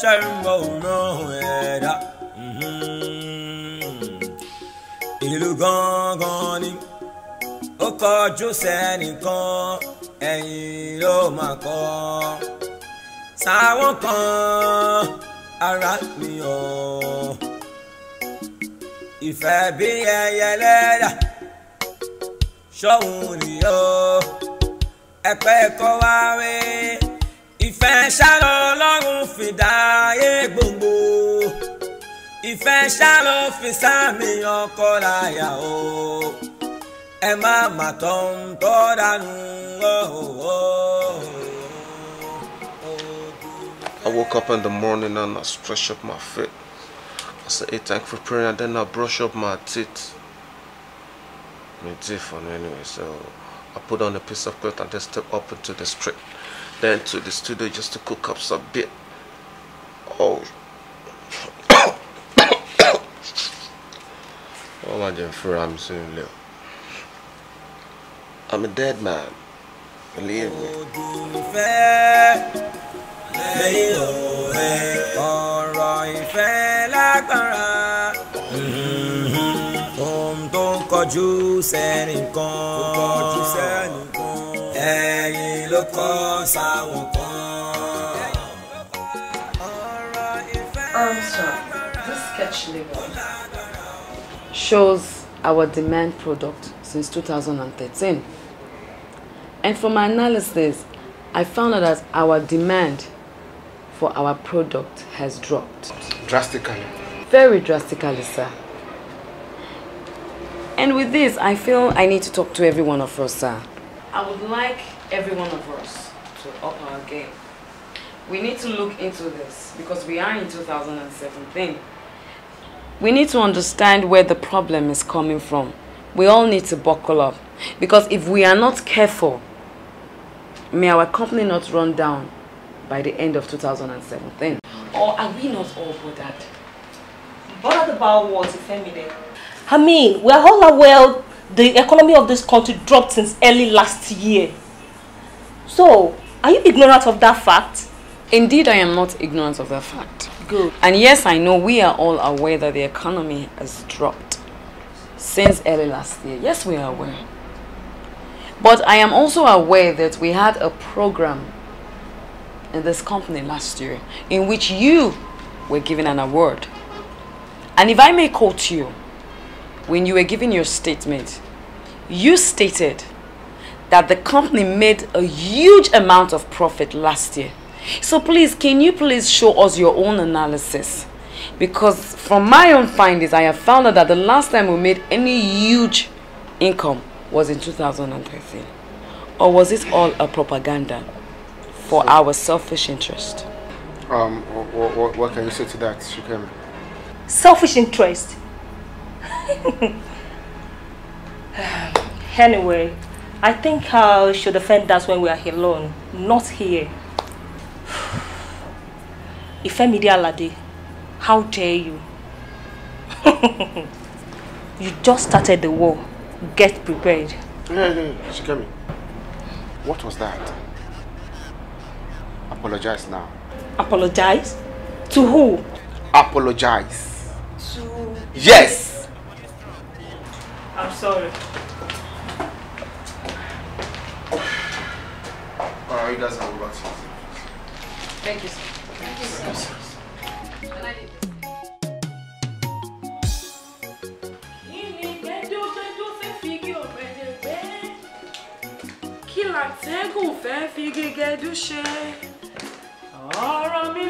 ṣẹ́ńgbọ̀n òun ẹ̀dá. ìlú gangan ni ó kọjú sẹ́nìkan ẹ̀yìn ló máa kọ́ sáwọn kan ara mi ọ̀ ìfẹ́ bí ẹyẹ lẹ́dà ṣọ́hun nìyó ẹ̀pẹ́ kọ́ wá ìfẹ́ ṣálọ ọlọ́run fìdá ayé gbogbo ìfẹ́ ṣálọ fi sáàmì ọkọ láyà o ẹ má má tọ́ ń tọ́ dànù ọ̀hún. I woke up in the morning and I stretch up my feet. I said, hey, thank for praying, and then I brush up my teeth. My teeth anyway, so I put on a piece of cloth and then step up into the street. then to the studio just to cook up some bit. Oh. oh my dear, friend, I'm soon live. I'm a dead man. Believe me. Mm-hmm shows our demand product since 2013. And from my analysis, I found out that our demand for our product has dropped. Drastically? Very drastically, sir. And with this, I feel I need to talk to every one of us, sir. I would like every one of us to up our game. We need to look into this because we are in 2017. We need to understand where the problem is coming from. We all need to buckle up because if we are not careful, may our company not run down by the end of 2017. Or are we not all bothered? Bothered about what, if anything? I mean, we're all aware the economy of this country dropped since early last year. So, are you ignorant of that fact? Indeed, I am not ignorant of that fact. Good. And yes, I know we are all aware that the economy has dropped since early last year. Yes, we are aware. But I am also aware that we had a program in this company last year in which you were given an award. And if I may quote you, when you were giving your statement, you stated that the company made a huge amount of profit last year. So please, can you please show us your own analysis? Because from my own findings, I have found out that the last time we made any huge income was in 2013. Or was this all a propaganda for our selfish interest? Um, what, what, what can you say to that, Shukemi? Selfish interest? anyway, I think I should offend us when we are alone, not here. Ifemidi Alade, how dare you? you just started the war. Get prepared. Yeah, yeah, yeah. what was that? Apologize now. Apologize? To who? Apologize. To... Yes! I'm sorry. Uh, he doesn't have Thank you, sir. Thank you, sir. Thank you, sir. látẹ́gùn fẹ́ fi gẹ́gẹ́ dúṣe ọ̀rọ̀ mi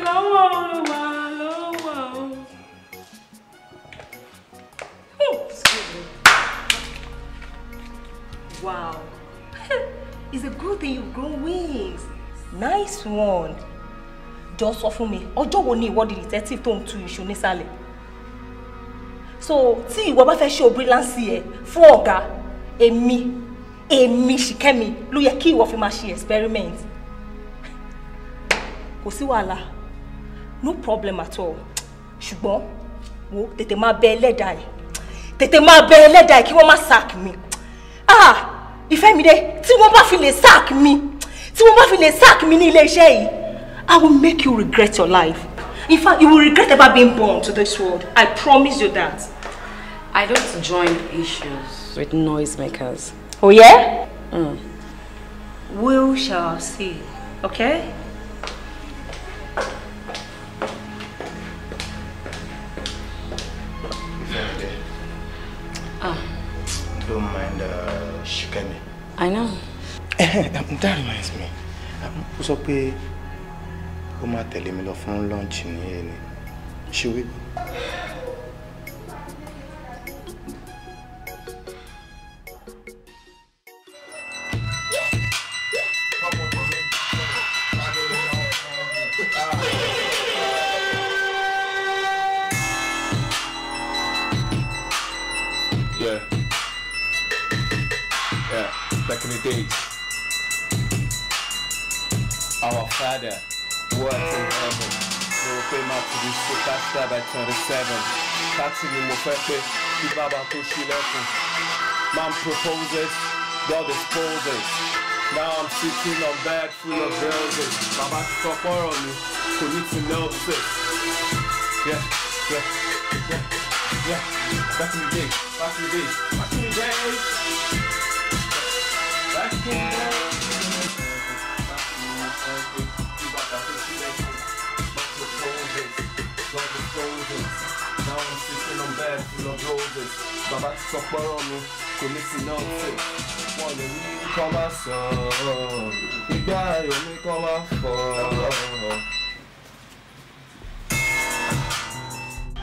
wow. It's a good thing you've grown wings. Nice one. Just offer me. mi, ọjọ́ wo what the detective told ń tu iṣu nísàlẹ̀? So see, ìwọ about fẹ́ ṣe òbírílánsì ẹ̀ fún ọ̀gá, èmi, èmi ṣìkẹ́mi ló yẹ kí key. fi máa ṣe experiment. Kò sí wàhálà, no problem at all. Ṣùgbọ́n wo tètè máa bẹ ẹlẹ́dàá ẹ̀, tètè máa bẹ ẹlẹ́dàá ẹ̀ kí wọ́n má sack me. Ah! ìfẹ́mìdé tí wọ́n bá fi lè sack mi tí wọ́n bá fi lè sack mi ní iléeṣẹ́ yìí I will make you regret your life in fact you will regret ever being born to this world I promise you that. I don't join issues with noisemakers. Oh yeah? Mm. We shall see, okay? I know. Um, that reminds me. Um, ó sọ pé ó máa tẹ̀lé mi lọ fún lunch ní ẹni. Ṣé wí? days. Our Father, who art in heaven, they will pay to this superstar by 27. Taxi ni mo fẹ́ pé kí bàbá tó ṣílẹ̀kùn. Man proposes, God disposes. Now I'm sitting on bed full of roses. Bàbá ti sọ pọ́rọ̀ mi, kò ní ti melt Yeah, yeah, yeah, yeah. Back in the day, back in the day, back in the day.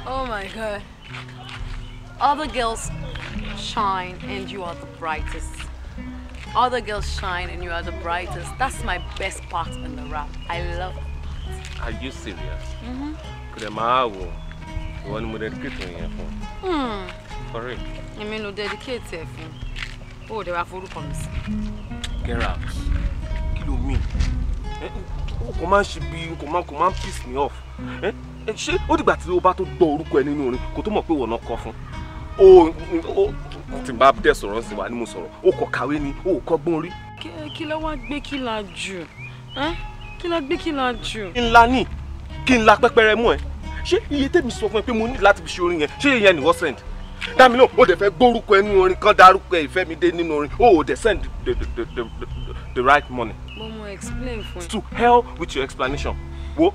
Oh my god. Other girls shine and you are the brightest. Other girls shine and you are the brightest. That's my best part in the rap. I love it. Are you serious? Mm-hmm. Kuremawo. The one more dedicate me for. Hmm. For real. I mean, no dedicate it for? Oh, they were for promise. Get out. Kí ló mean? Eh, kò máa ṣe bí kò máa kò máa piss me off. Eh, eh, ṣé ó dìgbà tí o bá tó gbọ́ orúkọ ẹ nínú orin kò tó mọ̀ pé wọ̀nà kọ fún? tí n bá dẹ̀ sọ̀rọ̀ sí wa ni mo sọ̀rọ̀ o kò kàwé ni o kò gbọ́n orí. kí ló wá gbé kí la jù kí la gbé kí la jù. kí n la ní kí n la pẹ́pẹ́rẹ́ mú ẹ ṣé iye tèmi sọ fún ẹ pé mo ní láti fi ṣe orin yẹn ṣé ìyẹn ni wọ́n send dámi náà o dẹ̀ fẹ́ gbórúkọ ẹnu orin kan dárúkọ ìfẹ́ mi dé nínú orin o de send the the the the the right money. mo explain fún ẹ. to hell with your explanation wo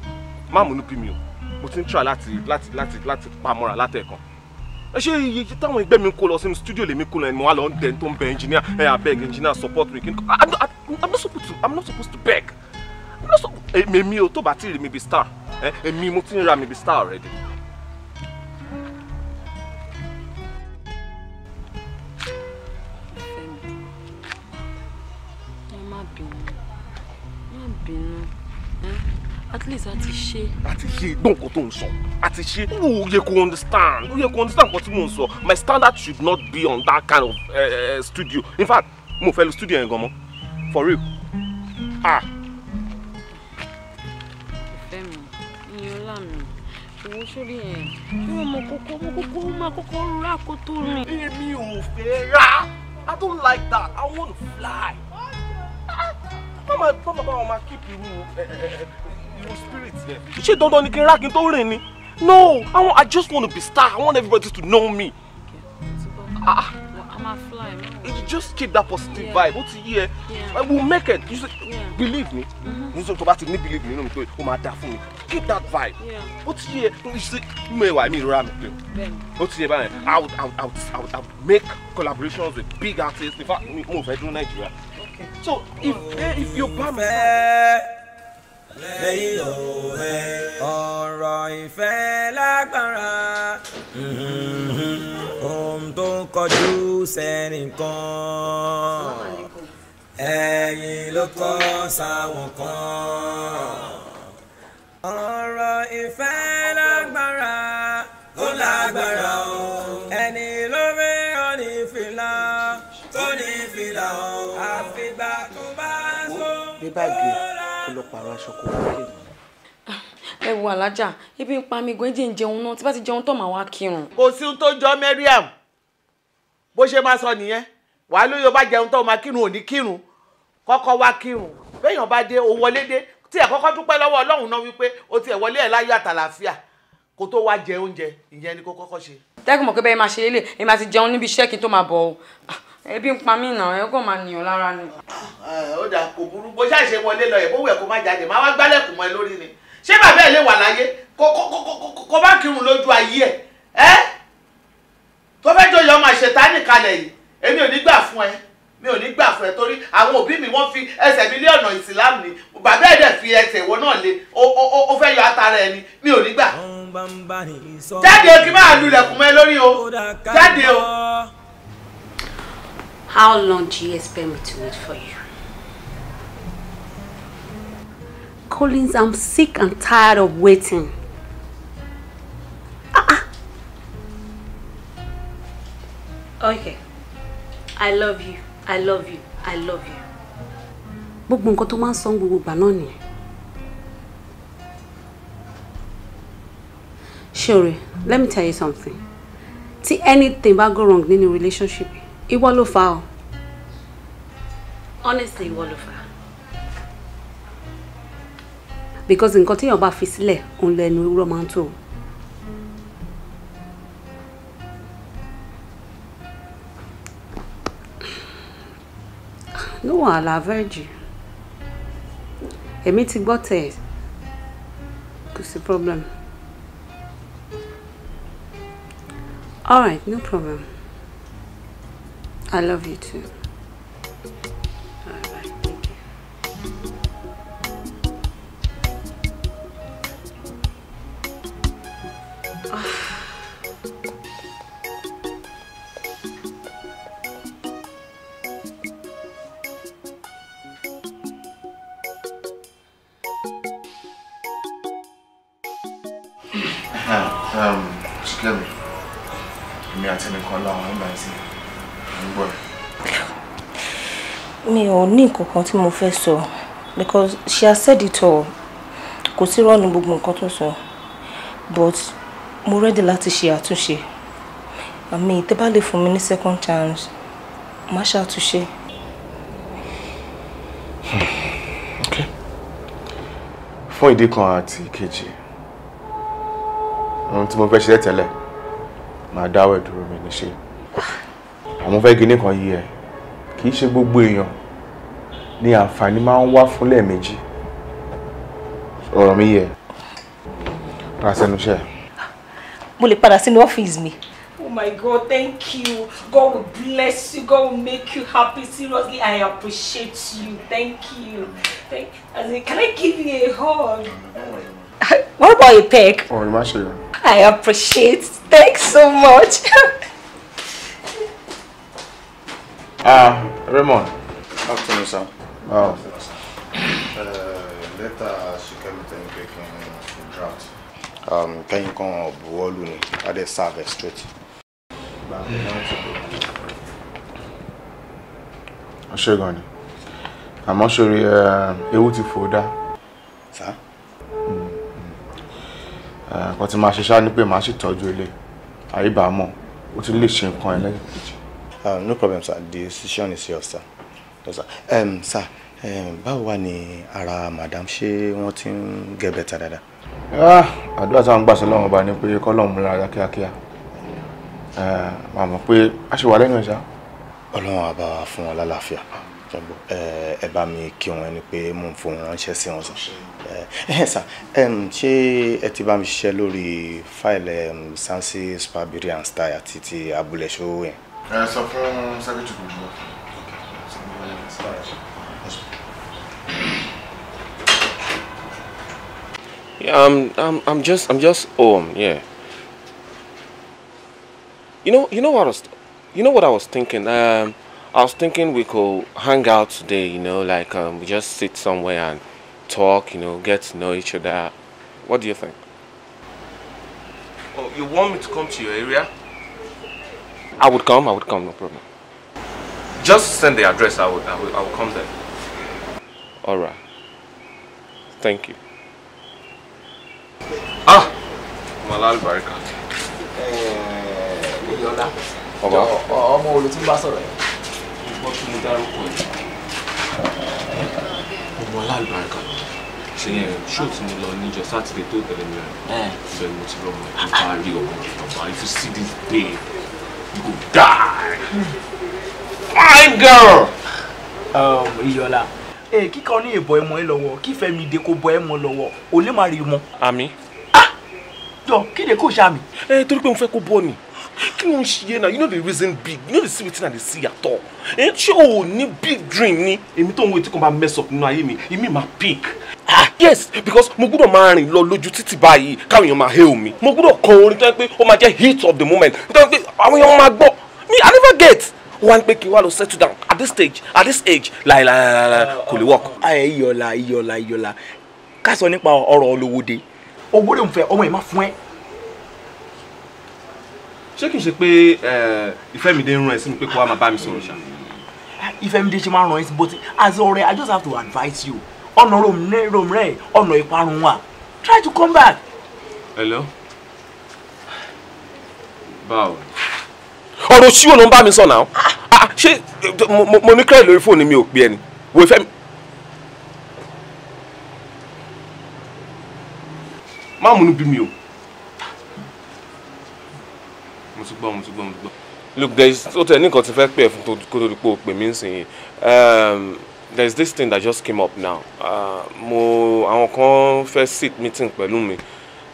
má múnú bí mi o mo ti ń try láti láti láti láti pamọ́ra látẹ̀kan ẹ ṣe iye táwọn ẹgbẹ́ mi kó lọ sínú studio lèmi kó lọ ẹni mo wá lọ ń dẹ́n tó ń bẹ engineer ẹ abeg engineer support me kí i'm not i'm not supposed to i'm not supposed to beg èmi ò tó bá tí rí mi bí star èmi mo ti ń ra mi bí star already. at least a ti ṣe. a ti ṣe gbọ́n nǹkan tó ń sọ a ti ṣe. o yẹ kó understand o yẹ kó understand nǹkan tí mò ń sọ my standard should not be on that kind of uh, uh, studio in fact mo fẹ́ lu studio yẹn gan mọ́ for real. Ah. ìfẹ́ mi ìyẹn ọlá mi owó sórí ẹ̀ ṣé wọn mọ kókó mọ kókó máa kókó rà kó tó rìn. èmi ò fẹ́ rà i don't like that i want fly. Ah. mama mama mama keep irú eh, mo spirit there. ṣé dandan ni kí n rá tó rìn ni no i want i just want to be star i want everybody to know me. ah you just keep that positive yeah. vibe ó ti yí i will make it you say yeah. believe me mm-hmm. ní sọ tó bá ti ní believe me nínú mi pé ó máa dáa fún mi keep that vibe ó ti yí ẹ you say mi ìwà mi ìrora mi pé ó ti yẹ báyẹn i would i would i would i would make collaborations with big artists in fact mo fẹ́ dún nàìjíríà so if oh. eh, if you bá lẹ́yìn òwe ọ̀rọ̀ ìfẹ́ lágbára mm-hmm. ohun tó ń kọjú sẹ́nìkan ẹ̀yìn ló kọ́ sáwọn kan ọ̀rọ̀ ìfẹ́ lágbára ó lágbára o ẹni ló fẹ́ ọ ní fìlà tó ní fìlà o àfìgbà tó bá ní báàgì kó lọ pààrọ̀ aṣọ kó wá kírun. ẹ wo alájà ebi ń pa mi gan ẹjẹ ń jẹun náà tí bá ti jẹun tán màá wá kírun. kò sí ohun tó jọ Mariam bó ṣe máa sọ nìyẹn wàá lóye bá jẹun tán máa kírun ò ní kírun kọ́kọ́ wá kírun béèyàn bá dé o wọlé dé tí ẹ kọ́kọ́ dúpẹ́ lọ́wọ́ Ọlọ́run náà wípé o tiẹ̀ wọlé ẹ̀ láyọ̀ àtàlàfíà kó tó wá jẹ oúnjẹ ìyẹn ni kó kọ́kọ́ ṣe. tẹ́gùn mọ̀ pé bẹ́ẹ̀ máa ṣe é lè èmi àti jẹun níbi iṣẹ́ kí n tó máa bọ̀ ọ́ ebi ń pa mí nà ẹ kò máa nìyàn lára ni. ó dà kò burú bó ṣáà ṣe wọlé lọ ìbówó ẹ kó má jáde má wá gbálẹ̀kùn mọ́ ẹ lórí ni ṣé bàbá ẹ lè wà láyé kó bá kírun lójú ayé ẹ ẹ tó fẹ́ jọyọ̀ ọmọ àṣetánì kalẹ̀ yìí èmi ò ní gbà fún ẹ mi ò ní gbà fún ẹ torí àwọn òbí mi wọ́n fi ẹsẹ̀ mi lé ọ̀nà ìsìlámù ni bàbá ẹ̀ dẹ̀ fi ẹsẹ̀ ìwọ náà lé ó fẹ́ yọ atara ẹni mi ò ní gbà. jáde kí máa lulẹ̀kùn mọ́ ẹ lórí o jáde o. How long do you expect me to wait for you? Collins, I'm sick and tired of waiting. Ah, ah. Okay. I love you. I love you. I love you. Gbogbo nǹkan tó máa ń sọ gbogbo ìgbà náà nìyẹn. let me tell you something. See, anything bá go wrong in a relationship ìwọ ló fà o honestly ìwọ ló fà because nǹkan téèyàn bá fi sílẹ̀ òun lẹnu ewúrọ́ máa ń tò. no wàhálà virgin èmi ti gbọ́ tẹ̀ kò sí problem right, no problem. I love you too. Ah, um, just me. Let me attend the call. gbọ́ ẹ. mi ò ní nǹkan kan tí mo fẹ́ sọ because she has said it all kò sí rọ́ọ̀nù gbogbo nǹkan tó sọ but mo ready láti ṣe àtúnṣe àmì tẹ́ bá lè fún mi ní second chance má ṣàtúnṣe. Hmm, fún ìdí kan àti ìkejì ohun tí mo fẹ́ ṣe tẹ́lẹ̀ máa dáwọ́ ìdúró mi níṣẹ́ àmọ́ fẹ́ kí nìkan yí ẹ kì í ṣe gbogbo èèyàn ni àǹfààní máa ń wá fún lẹ́ẹ̀mejì ọ̀rọ̀ mi yẹ ra sẹ́nu iṣẹ́. mo lè padà sínú ọ́fíìsì mi. Oh my God, thank you. God will bless you. God will make you happy. Seriously, I appreciate you. Thank you. Thank you. can I give you a hug? What about a peck? Oh, imagine. I appreciate. Thanks so much. Ah, uh, Raymond. Afternoon, sir. Oh. Uh, later, she came to me draft. Um, can you come up Wolu ni? I did serve straight. Ọṣẹ gan ni. Àmọ́ ṣorí ewu ti fò dá. Sá. Nǹkan tí máa ṣe ṣáá ni pé màá ṣètọ́jú ilé. Àyíbá mọ̀, ó ti lè ṣe nǹkan ẹlẹ́yìn kejì. Um, no problem, sir. The decision is yours, sir. Yes, sir. Um, sir, um, báwo wà ní ara madam ṣé wọ́n ti ń get better dáadáa? Ah, àdúrà táwọn gbà sí lọ́wọ́ ọba ni pé kọ́lọ́ọ̀ mú lára kíákíá. Eh, Màmá pé a ṣe wà lẹ́nu ẹ̀ sá. Ọlọ́run àbá wa fún wọn lálàáfíà. Ẹ bá mi kí wọn ẹni pé mò ń fohùn ránṣẹ́ sí wọn sọ. Ẹ sà, ṣé ẹ ti bá mi ṣiṣẹ́ lórí fáìlì um, Sansi Spabiri and Style àti ti Abúlé Ṣòwò yẹn? Yeah, I'm, I'm, I'm just, I'm just home. Yeah. You know, you know what I was, you know what I was thinking. Um, I was thinking we could hang out today. You know, like um, we just sit somewhere and talk. You know, get to know each other. What do you think? Oh, you want me to come to your area? I would come, I would come, no problem. Just send the address, I will, I will, I will come there. Alright. Thank you. Ah! Malal Eh. Barika. Oyola. Ọba. Ọmọ olè tí ń bá sọ̀rọ̀ yẹn. Mo gbọ́ kí mo dárúkọ yìí. Ọmọ aláàlùbáríkà. Ṣé yẹn ṣó tí mo lọ níjọ to tó tẹ̀lé mi rẹ̀? Eh. Bẹ́ẹ̀ mo ti lọ mọ̀ nípa rí ọmọ rẹ̀. If you see this day. You go die. My girl. Um, Iyọlá. Eh, kíkan ní ìbọ̀ ẹmọ ẹ lọ́wọ́, kí Fẹ́mi de kó bọ ẹmọ lọ́wọ́, ò lè má rí mọ́. Àmì. Ah! Jọ kéde kó ṣàmì. Ẹ torí pé mo fẹ́ kó bọ́ ni. Kí ló ń ṣiyẹ náà? You know the reason big. You know the see wetin I dey see at all. Ẹ ṣé o ní big dream ni? Èmi tó ń wo etí kan bá mess up nínú ayé mi, èmi máa pick yes because mo gbúdọ̀ máa rìn lọ lójú títì báyìí káwọn èèyàn máa hail mi mo gbúdọ̀ kọ orin tó yẹ pé ó máa jẹ́ hit of the moment tó yẹ pé àwọn èèyàn máa gbọ́ mi i never get wọ́n á pé kí wàá lọ settle down at this stage at this age láìláìláìláì kò lè work. ayé iyọ̀la iyọ̀la iyọ̀la ká sọ nípa ọ̀rọ̀ olówóde owó lè ń fẹ́ ọmọ yìí má fún ẹ. ṣé kìí ṣe pé Ìfẹ́mídé ń rán ẹ sí mi pé kó wá máa bá mi sọ̀rọ̀ ṣá. Ìfẹ́mídé ṣe máa ń rán ẹ sí bó ti as ọ̀rẹ́ I just have to advise you ọ̀nà ròmùrẹ́ ọ̀nà ìparun wa try to come back. hello báwo. ọ̀rọ̀ ṣíwò ló ń bá mi sọ náà ah, ṣé mo ní kẹ́rẹ̀ lórí fóònù mi ò pé ẹni wo ìfẹ́ mi. má múnú bí mi o. mo ti gbọ́ mo ti gbọ́ mo ti gbọ́. look there is ó tẹ̀ ní nǹkan tí fẹ́ pè é fún kó tó di pé o pè mí ń sìn yìí. Um, there's this thing that just came up now uh, mo àwọn kan fẹ́ sit meeting pẹ̀lú mi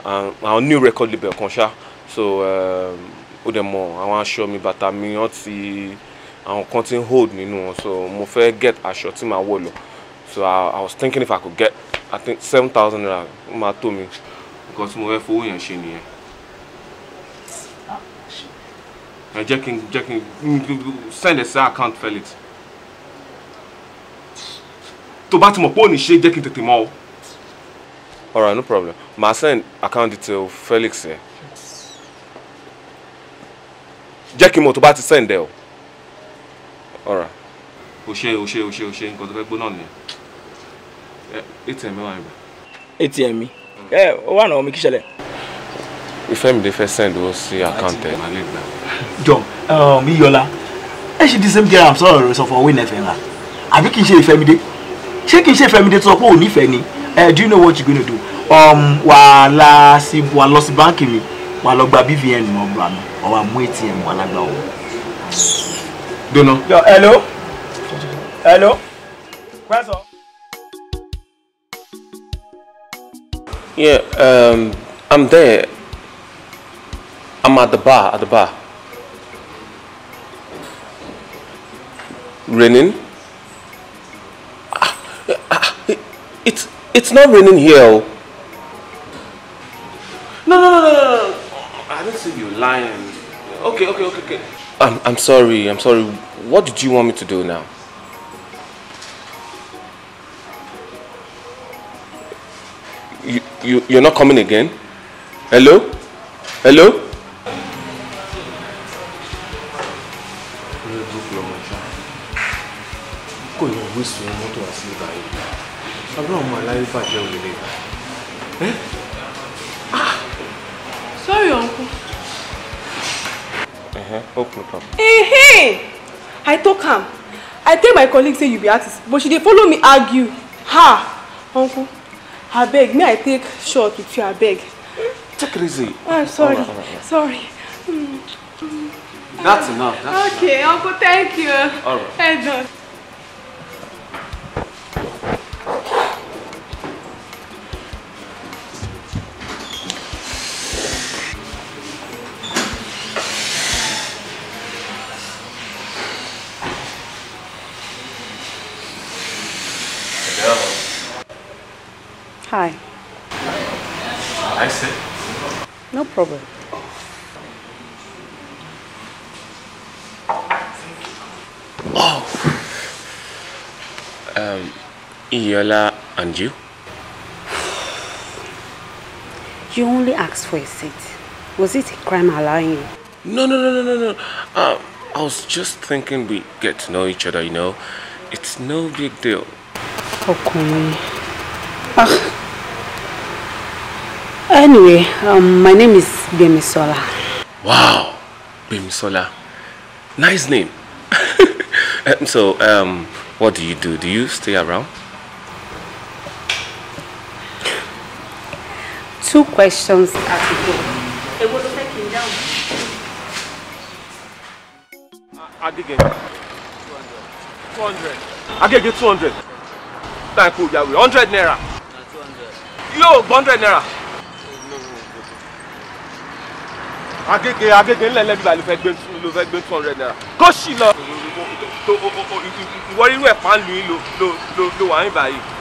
Our uh, new record label kan ṣá so um, ó dẹ̀ mọ̀ àwọn show mi bàtà mi wọ́n ti àwọn kan ti ń hold nínú wọn so mo fẹ́ get aṣọ tí màá wọ̀ lọ so I, I was thinking if I could get I think seven thousand naira ó máa tó mi nǹkan tí mo fẹ́ fowó yẹn ṣe nìyẹn. Ah, ẹ jẹ́ kí n jẹ́ kí n send ẹ sí account tó bá ti mọ̀ pé ò ṣe jẹ́ kí n tètè mọ̀ o. alright no problem ma send account detail Felix ẹ jẹ́ kí n mọ̀ tó bá ti send ẹ o. alright. o ṣe o ṣe o ṣe o ṣe nǹkan tó fẹ́ gbóná nìyẹn atm ẹ wà níbẹ̀. atm mi ẹ ó wà náà mi kí ṣẹlẹ̀. Ifẹ́mídé fẹ́ send owó sí account ẹ. John um, Iyọlá ẹ ṣe the same thing I'm sorry for fún ọwọ́ ìnẹ̀fẹ̀ ńlá àbí kì í ṣe Ifẹ́mídé ṣé kì í ṣe fẹmídé tó sọ pé ò nífẹ̀ẹ́ ni eh, do you know what you gonna do um, wàhálà sí wà lọ sí báńkì mi wà lọ gba BVN nọ́mbà mi ọwọ́ àmú ATM wà lágbà ọwọ́. dona. yọ hello hello kwẹsọ. yeah um, i'm there i'm at the bar at the bar raining. It's not raining here. No, no, no, no, no. Oh, I don't see you lying. Okay, okay, okay, okay. I'm, I'm sorry, I'm sorry. What did you want me to do now? You, you, you're not coming again? Hello? Hello? Go your ọlọ́run mọ aláyébàjẹ́ òrèlè ẹ́ sorry uncle. Eh? huh Open up. Eh, hey! I talk him, I tell my colleague say you be artist, but she dey follow me argue. Ha! Uncle, I beg, may I take short with you, abeg? Take it easy. Ah, I'm sorry. All right, all right, Sorry. That's enough. That's okay, enough. Uncle, thank you. All right. Hey, Yola and you? You only asked for a seat. Was it a crime allowing you? No, no, no, no, no, no. Uh, I was just thinking we get to know each other, you know. It's no big deal. Okay. Ah. Anyway, um, my name is Bemisola. Wow, Bemisola. Nice name. Um, so, um, what do you do? Do you stay around? two questions as a go. Èwo ló fẹ́ kí n dáhùn? Agége two hundred. Agége two hundred. Táyà kò hundred naira. Yóò gbọ́ hundred naira. Agége Agége ńlẹ̀ lẹ́bi bàálù fẹ́ gbé ló fẹ́ gbé two hundred naira. Kó sì lọ. Ìwọ irú ẹ̀ pàǹlù yìí ló wà ní báyìí.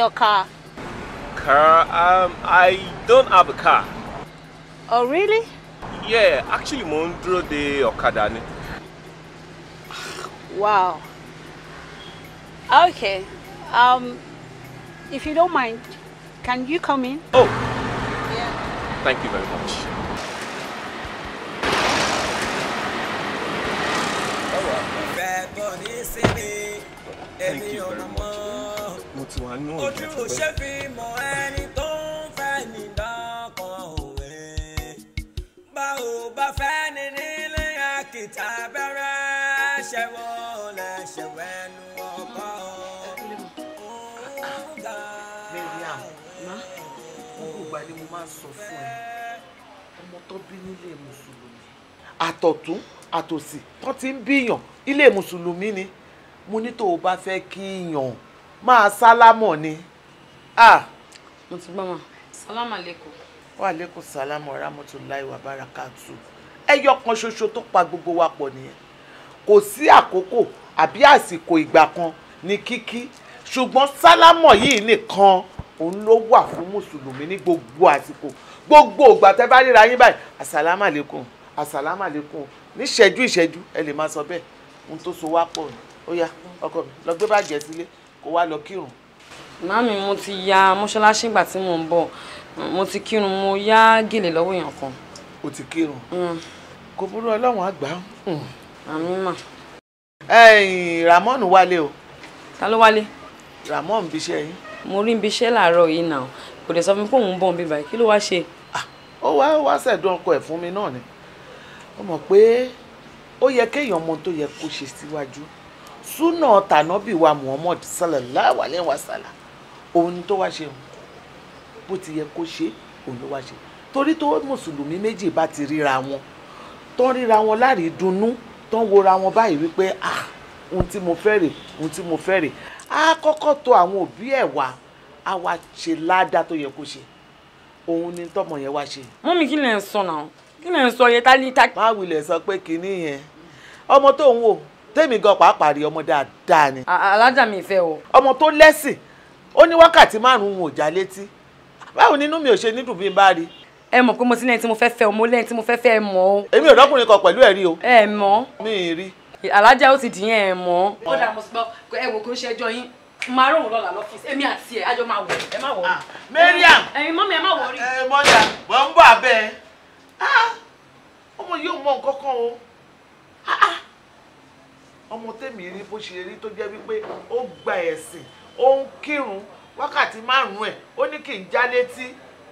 your car? Car? Um, I don't have a car. Oh, really? Yeah, actually, mo ń dúró de ọ̀kadà Wow. Okay. Um, if you don't mind, can you come in? Oh. Yeah. Thank you very much. Thank you very much. ti wà nínú ìgbà tó ṣe fi mọ ẹni tó ń fẹ́ ní dọ́kan òwe báwo bá fẹ́ ní nílé àkìtà abẹ́rẹ́ ṣẹ̀wọ́ lẹ́ṣẹ̀wọ́ ẹnu ọkọ ọ̀gá. Mariam má ni mo máa sọ fún ẹ ọmọ tó bí nílé mùsùlùmí àtọ̀tún àtòsì tó ti ń bíyàn ilé mùsùlùmí ni mo ní tó o bá fẹ́ kí yàn máa sálámọ̀ ni. mo ti gbọ́ mọ̀ sálámà lẹ́kọ̀ọ́. wà lẹ́kọ̀ọ́ sálámọ̀ rámọ́tòláì wà bárakàtù ẹyọ kan ṣoṣo tó pa gbogbo wa pọ̀ nìyẹn kò sí àkókò àbí àsìkò ìgbà kan ní kíkí ṣùgbọ́n sálámọ̀ yìí nìkan òun ló wà fún mùsùlùmí ní gbogbo àsìkò gbogbo ìgbà tẹ́ bá ríra yín báyìí àsàlámà lẹ́kùn àsàlámà lẹ́kùn níṣẹ́jú ìṣẹ́jú ẹ lè máa sọ bẹ́ẹ̀ ohun tó so wá pọ̀ ó yá ọkọ mi lọ gbé bàjẹ́ sílé kó wá lọ kírun. màámi mo ti ya mọ́ṣáláṣí ìgbà tí mò ń bọ̀ mo ti kírun mo yá gèlè lọ́wọ́ èèyàn kan. o ti kírun. Mm. kò burú ọlọ́run àgbà. Mm. àmín mà. ramon wálé o. ta ló wálé. ramon bí iṣẹ́ yín. mo rí ibi iṣẹ́ làárọ̀ yìí náà kò dẹ̀ sọ fún mi pé òun bọ̀ ń bíbá kí ló wá ṣe. Ah, ó wá wá ṣẹ̀dùn ọkọ ẹ̀ fún mi náà ni ó mọ̀ pé ó yẹ kéèyàn mọ tó yẹ kó ṣe síwájú. Si súnà tànábì wa Muhammad sallallahu alayhi wa sallam òun tó wá ṣe bó ti yẹ kó ṣe òun ló wá ṣe torí tó mùsùlùmí méjì bá ti ríra wọn tó ń ríra wọn láàrí dunnú tó ń wora wọn báyìí wípé ah ohun tí mo fẹ́ rè ohun tí mo fẹ́ rè á kọ́kọ́ tọ̀ àwọn òbí ẹ̀ wá á wá ṣe ládàá tó yẹ kó ṣe òun ni tọmọ yẹn wá ṣe. mú mi kí lè sọ náà kí lè sọ yẹn tá ní tá. má wulẹ̀ sọ pé kinní yẹn ọmọ tó ń wò tèmi gan pàápàá rí ọmọ dáadáa ni. alájà mi fẹ́ o. ọmọ tó lẹ́sìn ó ní wákàtí márùn-ún ò já létí báwo nínú mi ò ṣe nídùn bí n bá rí. ẹ mọ̀ mo ti lẹ́yìn mo fẹ́ fẹ́ o mo lẹ́yìn mo fẹ́ fẹ́ ẹ o. èmi ò dọ́kùnrin kan pẹ̀lú ẹ̀ o. ẹ mọ̀. mi ì rí. alájà ti dì yẹn ẹ mọ̀. ó dà mo sọ ẹ wò kó ṣẹjọ yín máa rọrùn lọ́la lọ́fíìsì èmi àti ẹ̀ a máa wọ̀ ẹ má wọ̀ rí. Ah, Mariam ẹ̀yin mọ́mi ẹ má wọ̀ rí. ẹ eh, mọ́jà wọ́n ń bọ̀ abẹ́ ah, ọmọ yìí ò mọ nǹkan kan o ah, ọmọ tèmi rí bó ṣe rí tó jẹ́ wípé ó gba ẹ̀sìn ó ń kírun wákàtí márùn-ún ẹ̀ ó ní kí n já létí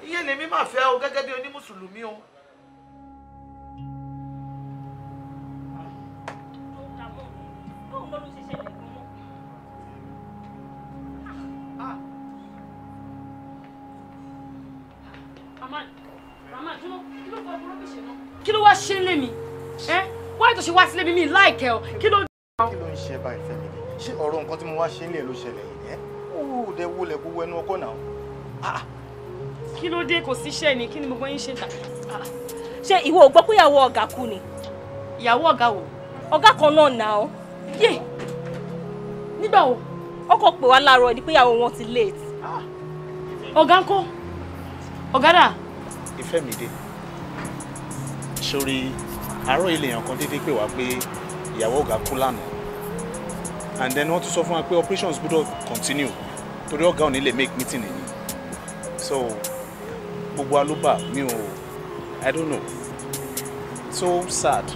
ìyẹn lèmi máa fẹ́ o gẹ́gẹ́ bí onímùsùlùmí o. kí ló wá ṣe lé mi wáyé tó ṣe wá sílé mi mi láìkẹ ọ kí ló kí ló ń ṣe báyìí fẹ́mi dé ṣé ọ̀rọ̀ nǹkan tí mo wá ṣe nílé ló ṣẹlẹ̀ yìí ẹ́ ó dẹ wọlẹ̀ gbogbo ẹnu ọkọ náà. Ah, ah. kí ló dé kò síṣẹ́ ni kí ni gbogbo yín ṣe tà ah, ṣé ìwọ ò gbọ́ pé ìyàwó ọ̀gá kú ni ìyàwó ọ̀gá wò ọ̀gá kan náà nà ó yé nígbà wo ọkọ̀ pè wá láàárọ̀ ni pé ìyàwó wọn ti late ọ̀gá ń kọ́ ọ̀gá dà. ìfẹ́ mi dé sórí àárọ̀ ilé èèyàn kan déédéé pè wá pé ìyàwó ọ̀gá kú lánàá and then wọ́n tún sọ fún wa pé operations gbọ́dọ̀ continue torí ọ̀gá ò ní lè make meeting nìyí so gbogbo alóbà mi ò i don't know so sad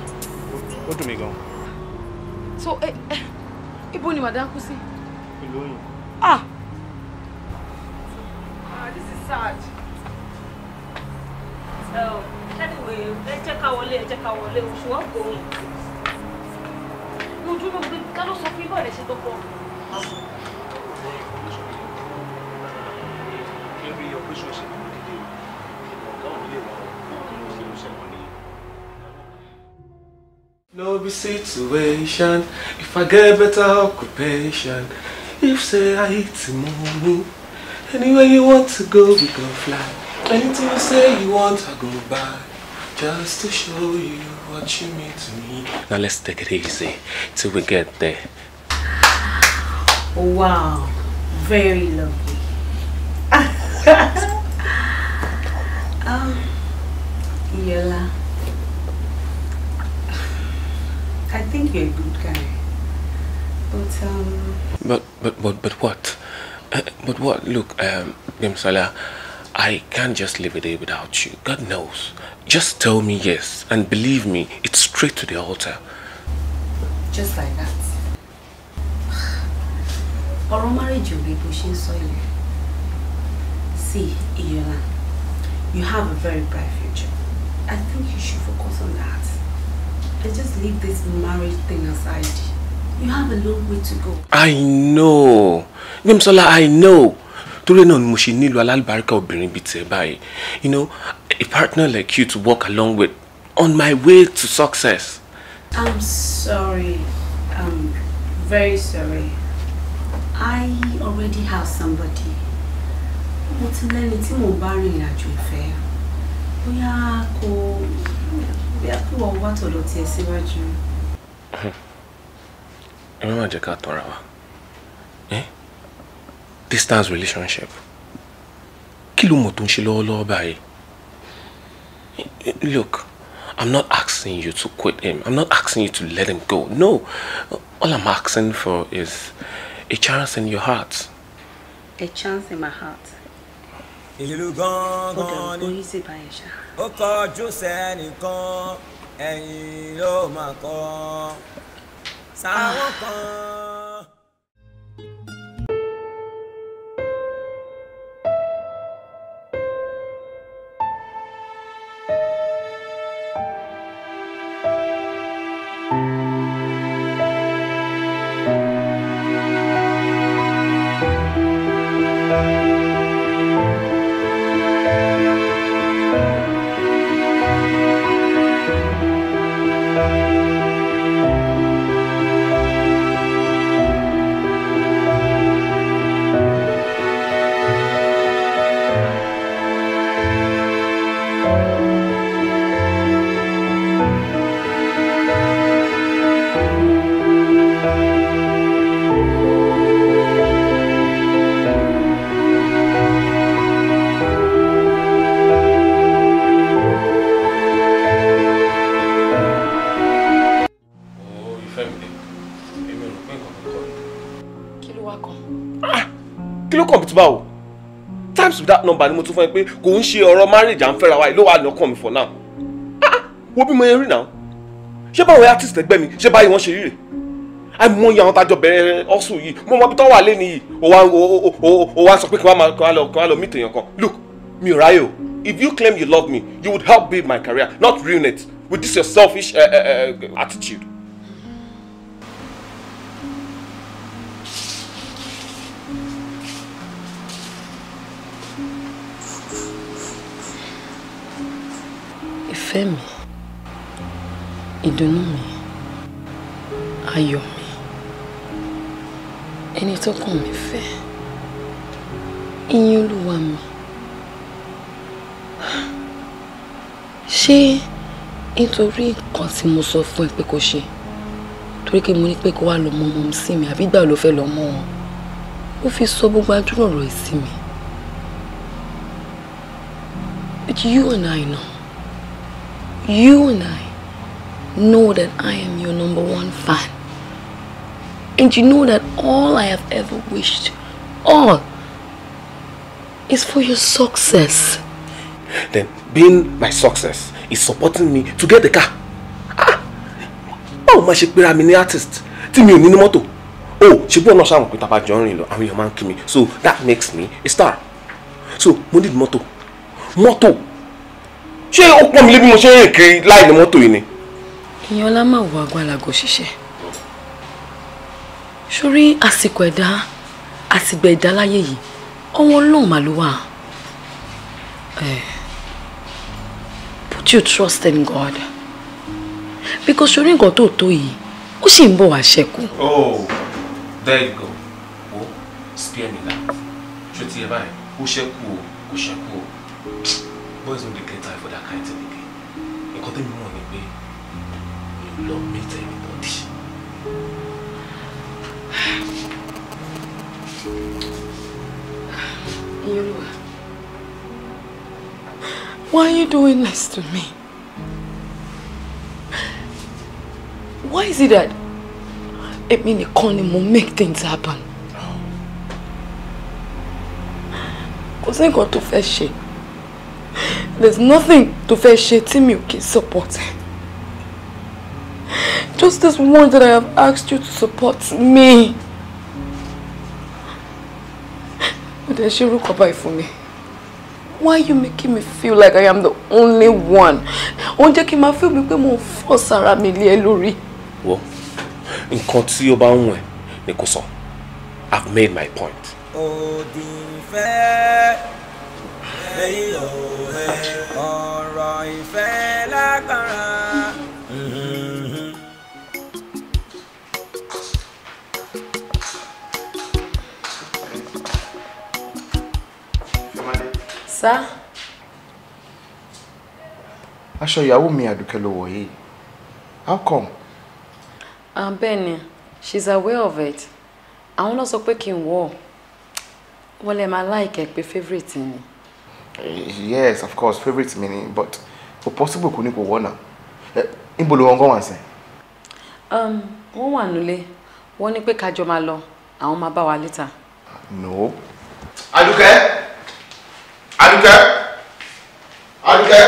ó dùn mí gan. so ẹ eh, ẹ eh, ibo ni madam kú sí. ìlú òyìn. ah ah this is sad. ẹ ò anyway ẹ jẹ́ ká wọlé ẹ jẹ́ ká wọlé oṣù ọ̀gbọ̀n. lójú ló gbé ká ló sọ fún ibà rẹ̀ ṣe tó pọ̀. No be situation if I get better occupation if say I hate money anywhere you want to go we go fly anything you say you want I go buy. Just to show you what you mean to me. Now let's take it easy till we get there. Wow, very lovely. um, Yola, I think you're a good guy, but um. But but but but what? Uh, but what? Look, um, I can't just live a day without you. God knows. Just tell me yes, and believe me, it's straight to the altar. Just like that. Or marriage will be pushing soil. See, Iyola, you have a very bright future. I think you should focus on that. And just leave this marriage thing aside. You have a long way to go. I know. Nimsola, I know. torí náà ni mo ṣe nílò alálùbáríkà obìnrin bíi tẹ báyìí you know a partner like you to walk along with on my way to success. I'm sorry I'm very sorry I already have somebody mo ti lẹ́ni tí mo bá rìnrìn àjò ìfẹ́ bóyá kò bóyá kò wọ́n wá tọ̀dọ̀ tiẹ̀ síwájú. Hm. ẹ má jẹ́ ká tọ́ra wa. Eh? distance relationship kí ló mọ̀ tó ń ṣe lọ́wọ́lọ́wọ́ báyìí look I'm not asking you to quit him I'm not asking you to let him go no all I'm asking for is a chance in your heart. a chance in my heart. ìlú gangan ni ó kọjú sẹ́nìkan ẹ̀yìn ló máa kọ́ sáwọn kan. lọ́kàn mi ti bá times with that number ni mo tún fún ẹ pé kò ń ṣe ọ̀rọ̀ marriage à ń fẹ́ra wa yìí ló wà lọ́kàn mi for now ah, ah wo bí mo yẹn rí náà ṣé báwọn artist ẹgbẹ́ mi ṣé báyìí wọ́n ṣe rí rè àìmọye àwọn tájọ bẹ̀rẹ̀ ọ̀sùn yìí mo mọ ibi tó wà lẹ́nu yìí ó wá sọ pé kí wọ́n á lọ meet èèyàn kan look mi ò ráyè if you claim you love me you would help build my career not ruin it with this your selfish uh, uh, attitude. ìfẹ́ mi ìdùnnú mi ayọ̀ mi ẹni tó kàn mí fẹ́ ìyìn olúwa mi ṣé nítorí nǹkan tí mo sọ fún ẹ pé kò ṣe torí kí mo ní pé kó wá lọ mọ ọmọ mi sí mi àbí ìgbà ló fẹ́ lọ mọ wọn ó fi sọ gbogbo adúrò ọ̀rọ̀ sí mi. But you and I know you and I know that I am your number one fan. And you know that all I have ever wished, all, is for your success. Then being my success is supporting me to get the car. Ah! Báwo máa ṣe pera mi artist tí me ò mọ́tò? Oh, she náà ṣàwọn òkúta bá jọ ń rìn lọ, àwọn èèyàn máa ń So that makes me a star. So mo need mọ́tò. Mọ́tò ṣé ó pọ́n mi lé bí mo ṣe ń rìn kiri láì lo mọ́tò yìí ni. ìyẹn ọlá máa wọ àgbàlagbò ṣiṣẹ́ sórí àsìkò ẹ̀dá àsìgbà ẹ̀dá láyé yìí ọwọ́ ọlọ́run mà ló wà. put your trust in God because sórí nǹkan tó tó yìí ó sì ń bọ̀ wá ṣẹ́kù. oh there you go oh, spear me na ṣé ti yẹ báyìí ó ṣẹ́kù o kò ṣẹ́kù boys no dey not meet anybody. Yorua, why are you doing this to me? Why is it that èmi nìkan ni will make things happen? Kò sí nǹkan tó fẹ́ ṣe. There's nothing to fẹ́ ṣe tí mi ò support ẹ̀. Just this one that I have asked you to support me. But then she look up for me. Why are you making me feel like I am the only one? Ó ń jẹ́ kí n máa feel bí pé mo force ara mi lé ẹ lórí. Wò. Nǹkan tí ó I've made my point. Oh, Sir? Aṣọ ìyàwó mi Àdùkẹ́ ló wọ̀ yìí. How come? Um, Benny, she's aware of it. Àwọn náà sọ pé kí n wọ̀. Wọ́n lè máa láìkẹ́ pé Yes, of course, favorite mini, but for possible kò ní kò wọ̀ náà. Eh, níbo ló wọ́n gán wà sí? Um, wọ́n wà nílé. Wọ́n ní pé lọ. Àwọn máa bá wa leta. No. Àdùkẹ́. Adúkẹ́ Adúkẹ́.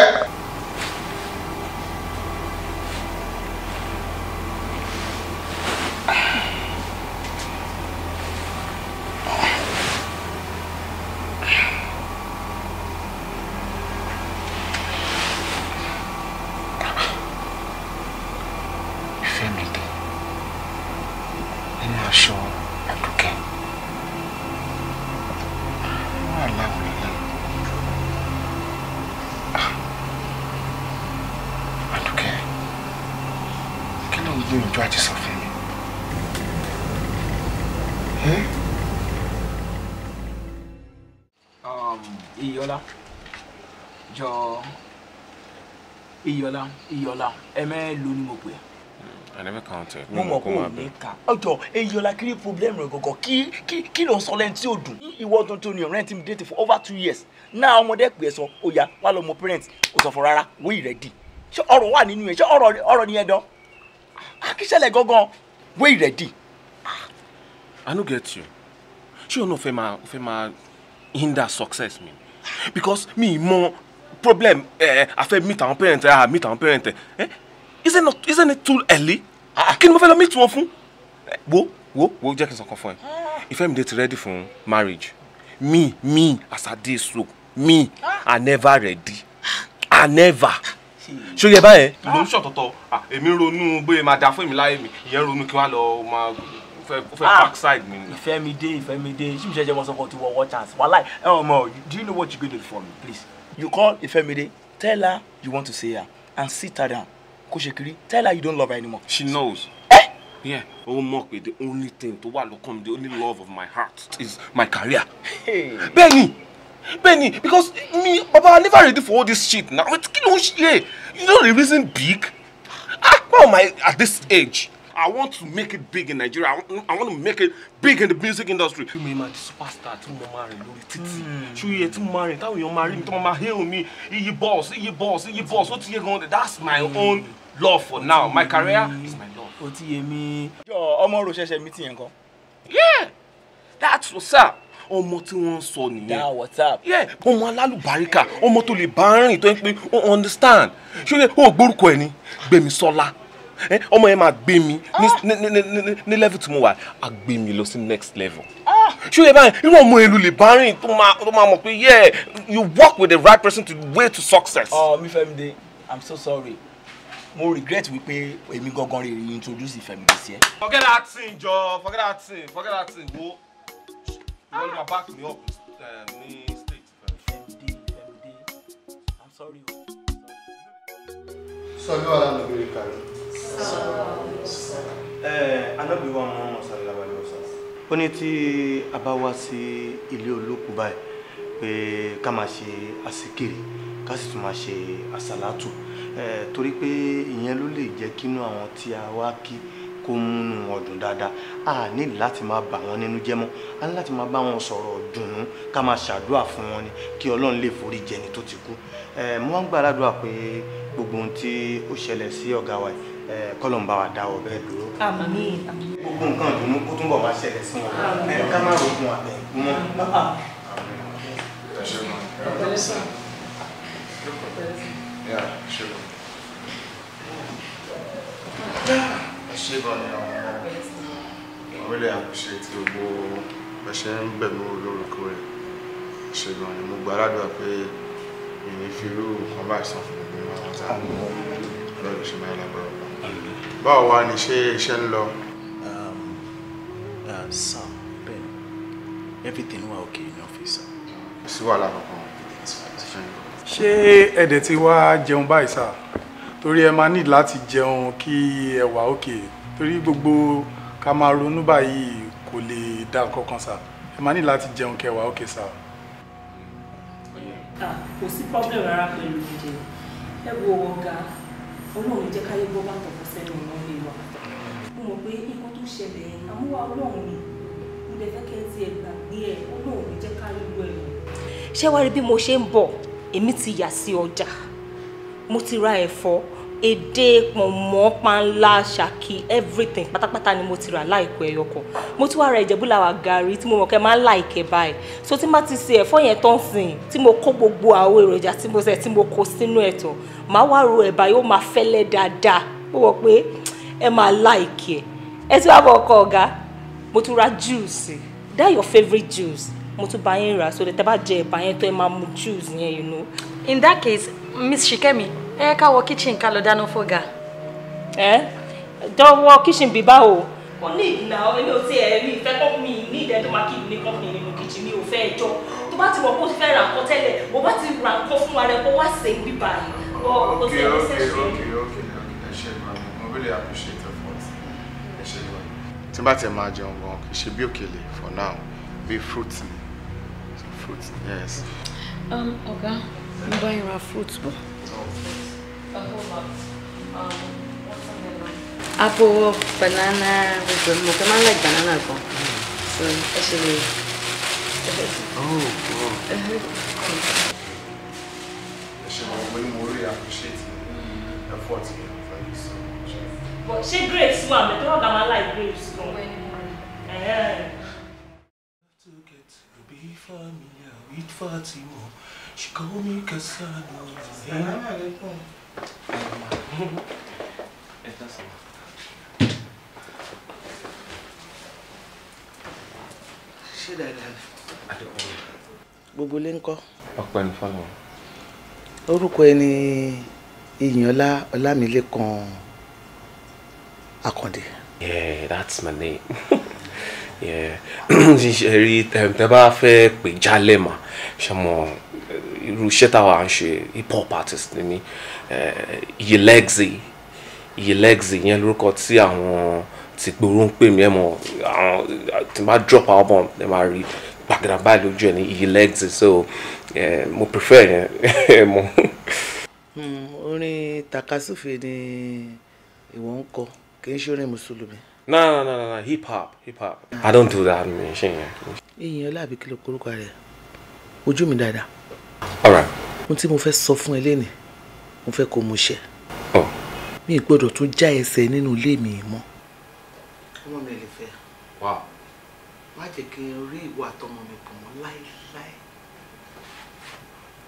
tẹ mo mọ̀ kó máa bẹ̀. ọjọ́ eyi ọ̀la kiri problem rẹ̀ gọ̀gọ̀ kí kí kí ló ń sọ lẹ́ni tí ò dùn. ìwọ tuntun ni ọ̀rẹ́ ti mi date for over two years náà ọmọdé pè é sọ ó yá wà lọ́mọ parent kò sọ fún rárá wí ready ṣé ọ̀rọ̀ wà nínú yẹn ṣé ọ̀rọ̀ ni ẹ dán akíṣẹ́lẹ̀ ah, gangan wí ready. Ah. I no get you ṣé o náà fẹ́ máa fẹ́ máa hinder success mi because mi mọ problem ẹ eh, eh, afẹ́ meet àwọn parent ẹ meet àwọn parent ẹ eh? isn't it too early kí ni mo fẹ́ lọ meet wọn fún wo wo wo jẹ́ kí n sọ̀kan fún ẹ ìfẹ́ mi dey ti ready for marriage me me as i dey so me i never ready i never ṣó yẹ báyẹn. mo ń ṣọ̀tọ̀tọ̀ èmi ronú bóyá máa da fún èmi láyé mi ìyẹn ronú kí wàá lọ máa fẹ́ ah, side mi. ìfẹ́ mi dé ìfẹ́ mi dé ṣé mi ṣe jẹ́ wọn sọ́kàn tí wọ́n wọ́n chance wàhálà ẹ ọmọ do you know what you go do for me please. you call Ifemide tell her you want to see her and sit her down kó tell her you don't love her anymore. she knows. Eh? yeah Oh, mọ̀ the only thing tó wà lọ́kàn the only love of my heart is my career. Benny, Benny, because me, baba I never ready for all this shit Now it's killing ló ń you know the reason big ah my at this age I want to make it big in Nigeria. I want, I want to make it big in the music industry. Mi mm. ma di superstar tí mo máa rìn lórí títì. Hmm. Ṣé iye tí mo máa rìn táwọn èèyàn máa rí mi tí wọ́n máa hail mi? Iyi boss, iyi boss, iyi boss, ó ti yẹ gan-an. That's my mm. own love for now my career is my love. o ti yé mi. jọ ọmọ ro ṣẹ̀ṣẹ̀ mi ti yẹn kan. yeah that's what's up ọmọ tí wọ́n ń sọ nìyẹn. that what's up. yeah ọmọ alálùbáríkà ọmọ tó lè bá rìn tó ń pè ó understand ṣé o gbórúkọ ẹ ní Gbémisọ́lá ọmọ yẹn máa gbé mi ní level tí mo wà á gbé mi lọ sí next level. Ah! ṣé báyìí irú ọmọ ìlú lè bá rìn tó máa mọ̀ pé yeah you work with the right person to way to success. ọ oh, mi fẹ́ mi de i'm so sorry mo regret wípé èmi gangan rè introduce ìfẹ̀mí sí ẹ. forget that thing jọ forget that thing forget that thing wo wọ́n gba back me up um, ní state. fmd fmd i'm sorry o. sọlá wàhálà ló bèrè kárí. ẹ anábìwọ àwọn ọmọ sàlẹ̀ abalẹ̀ ọ̀sán. ó ní tí a bá wá sí ilé olókùú báyìí pé ká máa ṣe àsìkiri ká sì tún máa ṣe àsàlátù torí pé ìyẹn ló lè jẹ́ kínú àwọn tí a wá kí kó múnú ọdún dáadáa a ní láti máa bà wọ́n nínú jẹ́ mọ́ a ní láti máa bá wọn sọ̀rọ̀ dùnú ká máa ṣàdúrà fún wọn ni kí ọlọ́run lè forí jẹni tó ti kú mo wá ń gbàdúrà pé gbogbo ohun tí ó ṣẹlẹ̀ sí ọ̀gá wa yìí kọlọm bá wa dáwọ́ bẹ́ẹ̀ dúró. àmín. gbogbo nǹkan dùnú kó túnbọ̀ máa ṣẹlẹ̀ sí wọn ẹ ká má rogun àbẹ̀ mọ́. ẹ ṣe mọ ẹ pẹ̀lẹ́ sàn. Yeah, sure. ṣé gan ni àwọn orílẹ̀ àkùṣe tí gbogbo ẹṣẹ́ ń gbẹ̀mí olórúkúrẹ̀ ṣé gan ni mo gbàdúrà pé ìní fi irú nǹkan báyìí sàn fún mi máa wọ́n táwọn ọlọ́run ṣe máa lágbára pa. báwo wá ni ṣé iṣẹ́ ń lọ. sam um, uh, ben everything wà okay in office. sí wàhálà kankan ṣé ẹ̀dẹ̀ ti wá jẹun báyìí sá torí ẹ máa need láti jẹun kí ẹ wà òkè torí gbogbo ká máa ronú báyìí kò lè dá nǹkan kan sá ẹ máa need láti jẹun kí ẹ wà òkè sá. kò sí problem rárá pẹ̀lú jíjẹ ẹ wo ọ̀gá ọlọ́run jẹ́ káyé gbọ́ bá tọ̀kọ̀ sẹ́nu ọ̀nà ilé wa mo mọ̀ pé nǹkan tó ṣẹlẹ̀ àmúwá ọlọ́run ni mo lè fẹ́ kẹ́ ẹ ti ẹ̀ gbàgbé ẹ̀ ọlọ́run jẹ́ káyé gbọ́ ẹ̀ ṣé wàá rí bí mo ṣe ń bọ̀ èmi ti yà sí ọjà mo ti ra ẹ̀fọ́ èdè pọ̀nmọ́ panla ṣàkì everything pátápátá ni mo ti rà láìpẹ́ ẹyọkọ̀ mo tún wá ra ìjẹ́búláwà gàrí tí mo mọ̀ kẹ́ máa ń láìkẹ́ báyìí so tí má ti ṣe ẹ̀fọ́ yẹn tán sìn tí mo kó gbogbo àwọn èròjà tí mo ṣe tí mo kó sínú ẹ̀tọ́ màá wá ro ẹ̀bà yóò máa fẹ́lẹ́ dáadáa mo wọ̀ pé ẹ máa láìkẹ́ ẹ ti wá bọ̀ ọkọ ọ̀gá mo tún ra juice that your favourite juice mo tún bá yín rà so tẹ bá jẹ ẹ̀bà yẹn tó ẹ máa mu juice yẹn you know. in that case miss Shikemi, ẹ ká wọ kitchen ká lọ dáná fọ́gà. ẹ dọwọ kitchen bí báwo. kò ní ìdìnnà ẹni ò tí ẹ rí ìfẹ́ kọ́ mi ní ìdẹ́ tó máa kí ìdílé kọ́ọ̀fì nínú kitchen mi ò fẹ́ ẹjọ́ tó bá ti wọ̀ kó fẹ́ ra nǹkan tẹ́lẹ̀ wọ́n bá ti ra nǹkan fún wa rẹ̀ kó wá sí bíbá yìí. ok ok ok ok ẹ ṣe ma mo really appreciate your effort ẹ ṣe ma. tí bá tẹ máa jẹun gan ṣe bí òkèlè for now bí fruit ni fruits, yes. Um, Ọ̀gá, I'm buying raw fruits, bro. Oh, a whole lot. Um, what's Apple, banana, with the milk. I like banana, bro. Mm. So, actually. oh, wow. Actually, we really appreciate the effort you Thank you so much. But ṣé grapes wà mí tó wà gàmà grapes gan. Ẹ̀hẹ́n. for me with Fatima. She called me Kasano. Gbogbo ilé ń kọ́. Ọ̀pẹ ní fọlọ́. Orúkọ ẹ ni Iyìnọlá Ọlámilékan Akàndé. Yeah, that's my name. rí tẹ bá fẹ́ pè jálẹ̀ mà ṣe mọ irú iṣẹ́ táwa ń ṣe hip hop artist ni iye lexi iye lexi yẹn lórúkọ tí àwọn ti gbòòrò ń pè mí ẹ mọ àwọn tí n bá drop album ẹ máa rí gbàgàdà báyìí lójú ẹ ní iye lexi so mo prefer yẹn mọ. Hmm, orin takasúfè ni ìwọ ń kọ kì í ṣe orin mùsùlùmí no no no no no! hip hop hip hop i don't do that mi ṣe yẹn. èèyàn láàbí kí ló korúkọ rẹ ojú mi dáadáa. alright. ohun tí mo fẹ́ sọ fún ẹ lẹ́nìí mo fẹ́ kó mo ṣe. Oh. mi gbọ́dọ̀ tún já ẹsẹ̀ nínú ilé mi mọ́. ọmọ mi lè fẹ́. wá. má jẹ́ kí n rí ìwà àtọmọ mi pọ̀ mọ́ láéláé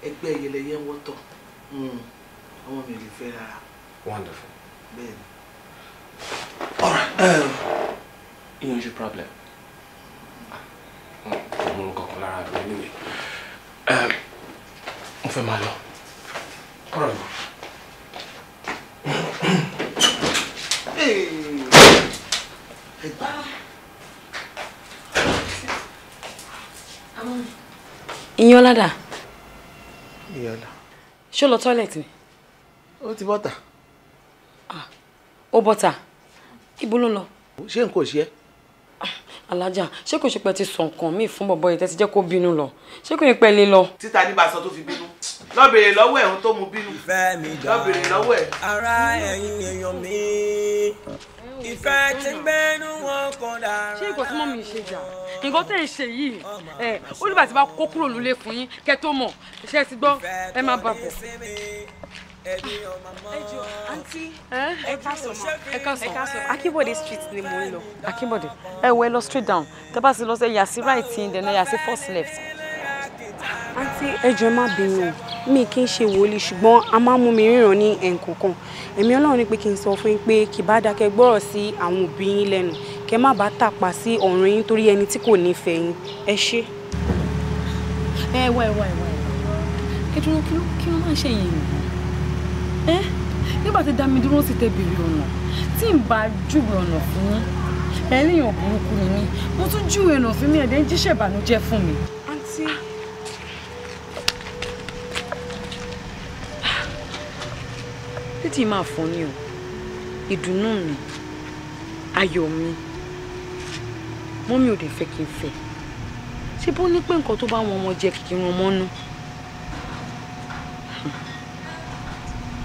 ẹgbẹ́ yẹlẹyẹ ń wọ́tọ̀ hmm. ọmọ mi lè fẹ́ rárá. wonderful. bẹ́ẹ̀ni ìyẹn um, ṣe problem òun ah, kankan lára mi nílé um, mo fẹ́ máa lọ kọ́rọ̀ ah. lọ. ìyẹn ọ̀làdà. ìyẹn ọ̀là. ṣó lọ tọ́lẹ̀tì ni. ó ti bọ́ta. ah ó bọ́tà ibo ló lọ. ṣé n kò ṣe é. Ah, alájà ṣé kò ṣe pé ti sọ nǹkan míì fún bọ̀bọ̀ yìí tẹ́tí jẹ́ kó bínú lọ ṣé kò yẹ pé lè lọ. títa ní bàṣọ tó fi bínú lọ́bẹ̀rẹ̀ lọ́wọ́ ẹ̀ ń tó mu bínú lọ́bẹ̀rẹ̀ lọ́wọ́ ẹ̀. ara ẹ̀yin èèyàn mi ìfẹ́ ti gbẹ́nu wọn kò dára. ṣé ìkọ̀sí mi ṣe jà nǹkan tẹ̀ ń ṣe yìí ẹ ó bá kó kúrò lólè fún yín kẹ́ tó mọ̀ ṣe é ti gbọ́ ẹ má bàbọ̀ akínbọ̀dé street ni mo ń lọ. akínbọ̀dé ẹ wọ ẹ lọ straight down tẹ bá sì lọ sí right in dẹ̀nà yàsí first left. àǹtí ẹjọ́ má bínú o mi kì í ṣe wòlíì ṣùgbọ́n a máa ń mú mi ríran ní ẹ̀ǹkọ̀ọ̀kan ẹ̀mí ọlọ́run ni pé kí n sọ fún yín pé kì bá dákẹ́ gbọ́rọ̀ sí àwọn òbí yín lẹ́nu kẹ́ má bàa tàpá sí ọ̀ràn yín torí ẹni tí kò nífẹ̀ẹ́ yín ẹ ṣé. ẹ wá ẹ wá ẹ wá ẹ dúró kí ló máa ń ṣèyìn Eh, nígbà tí dámi dúró sì tẹ bèrè ọ̀nà tí n bá júwe ọ̀nà fún yín ẹlẹ́yìn òbúrúkú ni mí mo tún júwe ọ̀nà fún mi ẹ̀dẹ́ ń jíṣẹ́ ìbànújẹ́ fún mi. àǹtí títí máa fọ́ ni o ìdùnnú mi ayọ̀ mi mọ́mí ò dẹ̀ fẹ́ kí n fẹ́ ṣé bó ní pé nǹkan tó bá wọn ọmọ jẹ kìkì wọn mọ́nú.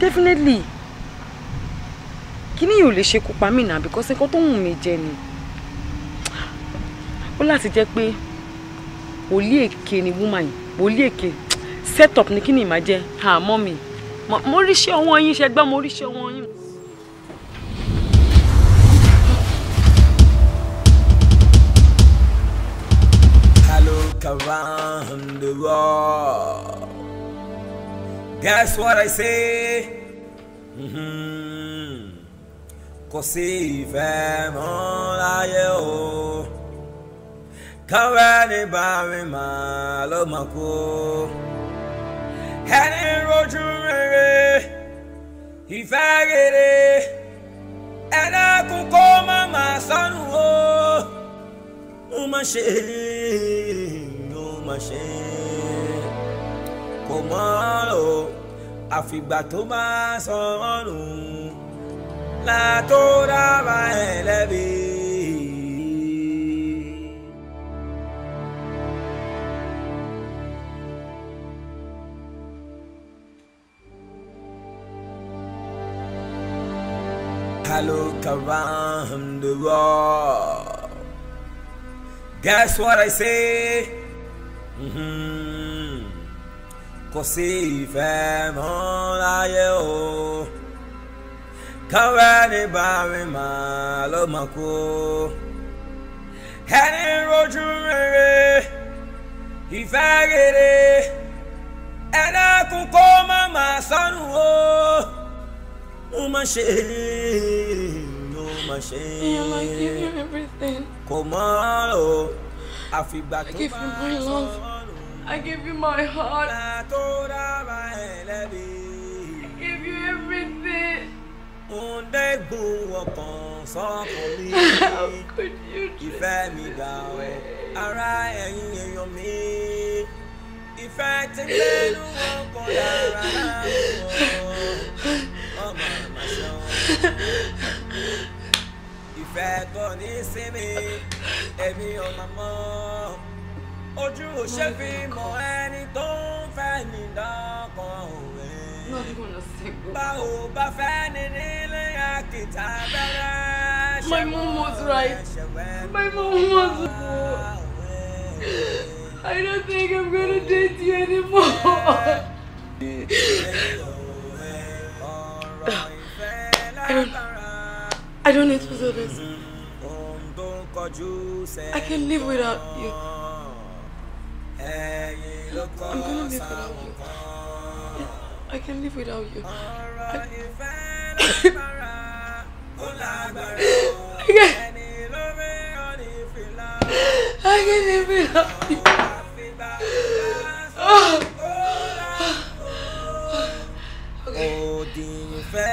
definitely Kini yìí ò lè ṣekú pa mí náà because nǹkan tó wù mí jẹ ni ó láti jẹ́ pé wòlíì èké ni woman Oli eke set up ni kini ìmá jẹ́ àmọ́ Mommy mo rí iṣẹ́ ọwọ́ yín ṣe gbọ́ mo rí iṣẹ́ ọwọ́ yín. Look around the world. Guess what I say. Mm-hmm. Kò sí ìfẹ́ mọ́ láyé o. Káwé ní bàrin màá ló mọ̀ kó. Ẹni rojú rere, ìfẹ́ rere, ẹlẹ́kùn kó má máa sọnù o. Ó má ṣe é, ó má ṣe é. kò mọ́ o àfìgbà tó máa sọnù látó dábàá ẹ̀ lẹ́bi. I look around the world. That's what I say. Mm -hmm. kò sí ìfẹ́ mọ́ láyé o kọ́wé ní bàrin màá ló mọ̀ kú ẹni rojú rere ìfẹ́ rere ẹlẹ́kùn kó má máa sọnù o mo máa ṣe mo máa ṣe kò mọ́ o àfìgbà tó bá sọnù. I give you my love. I give you my heart. Give you everything. so for me, How could you just me down? Ara ẹ̀yin èèyàn mi, ìfẹ́ ti gbẹ́nu wọn kọ lára wọn. my, àmàṣọ, ìfẹ́ kò ní sinmi, ẹ̀mí ọmọ mọ́. Ojú ò ṣe fi mọ ẹni tó ń. fẹ́ ní lọ́kàn òwe. báwo My mom was right. I don't think I'm gonna date you anymore. I don't, I don't need to do this. I can live without you. I'm gonna live without you. I can live without you. I, can, live without you. Okay.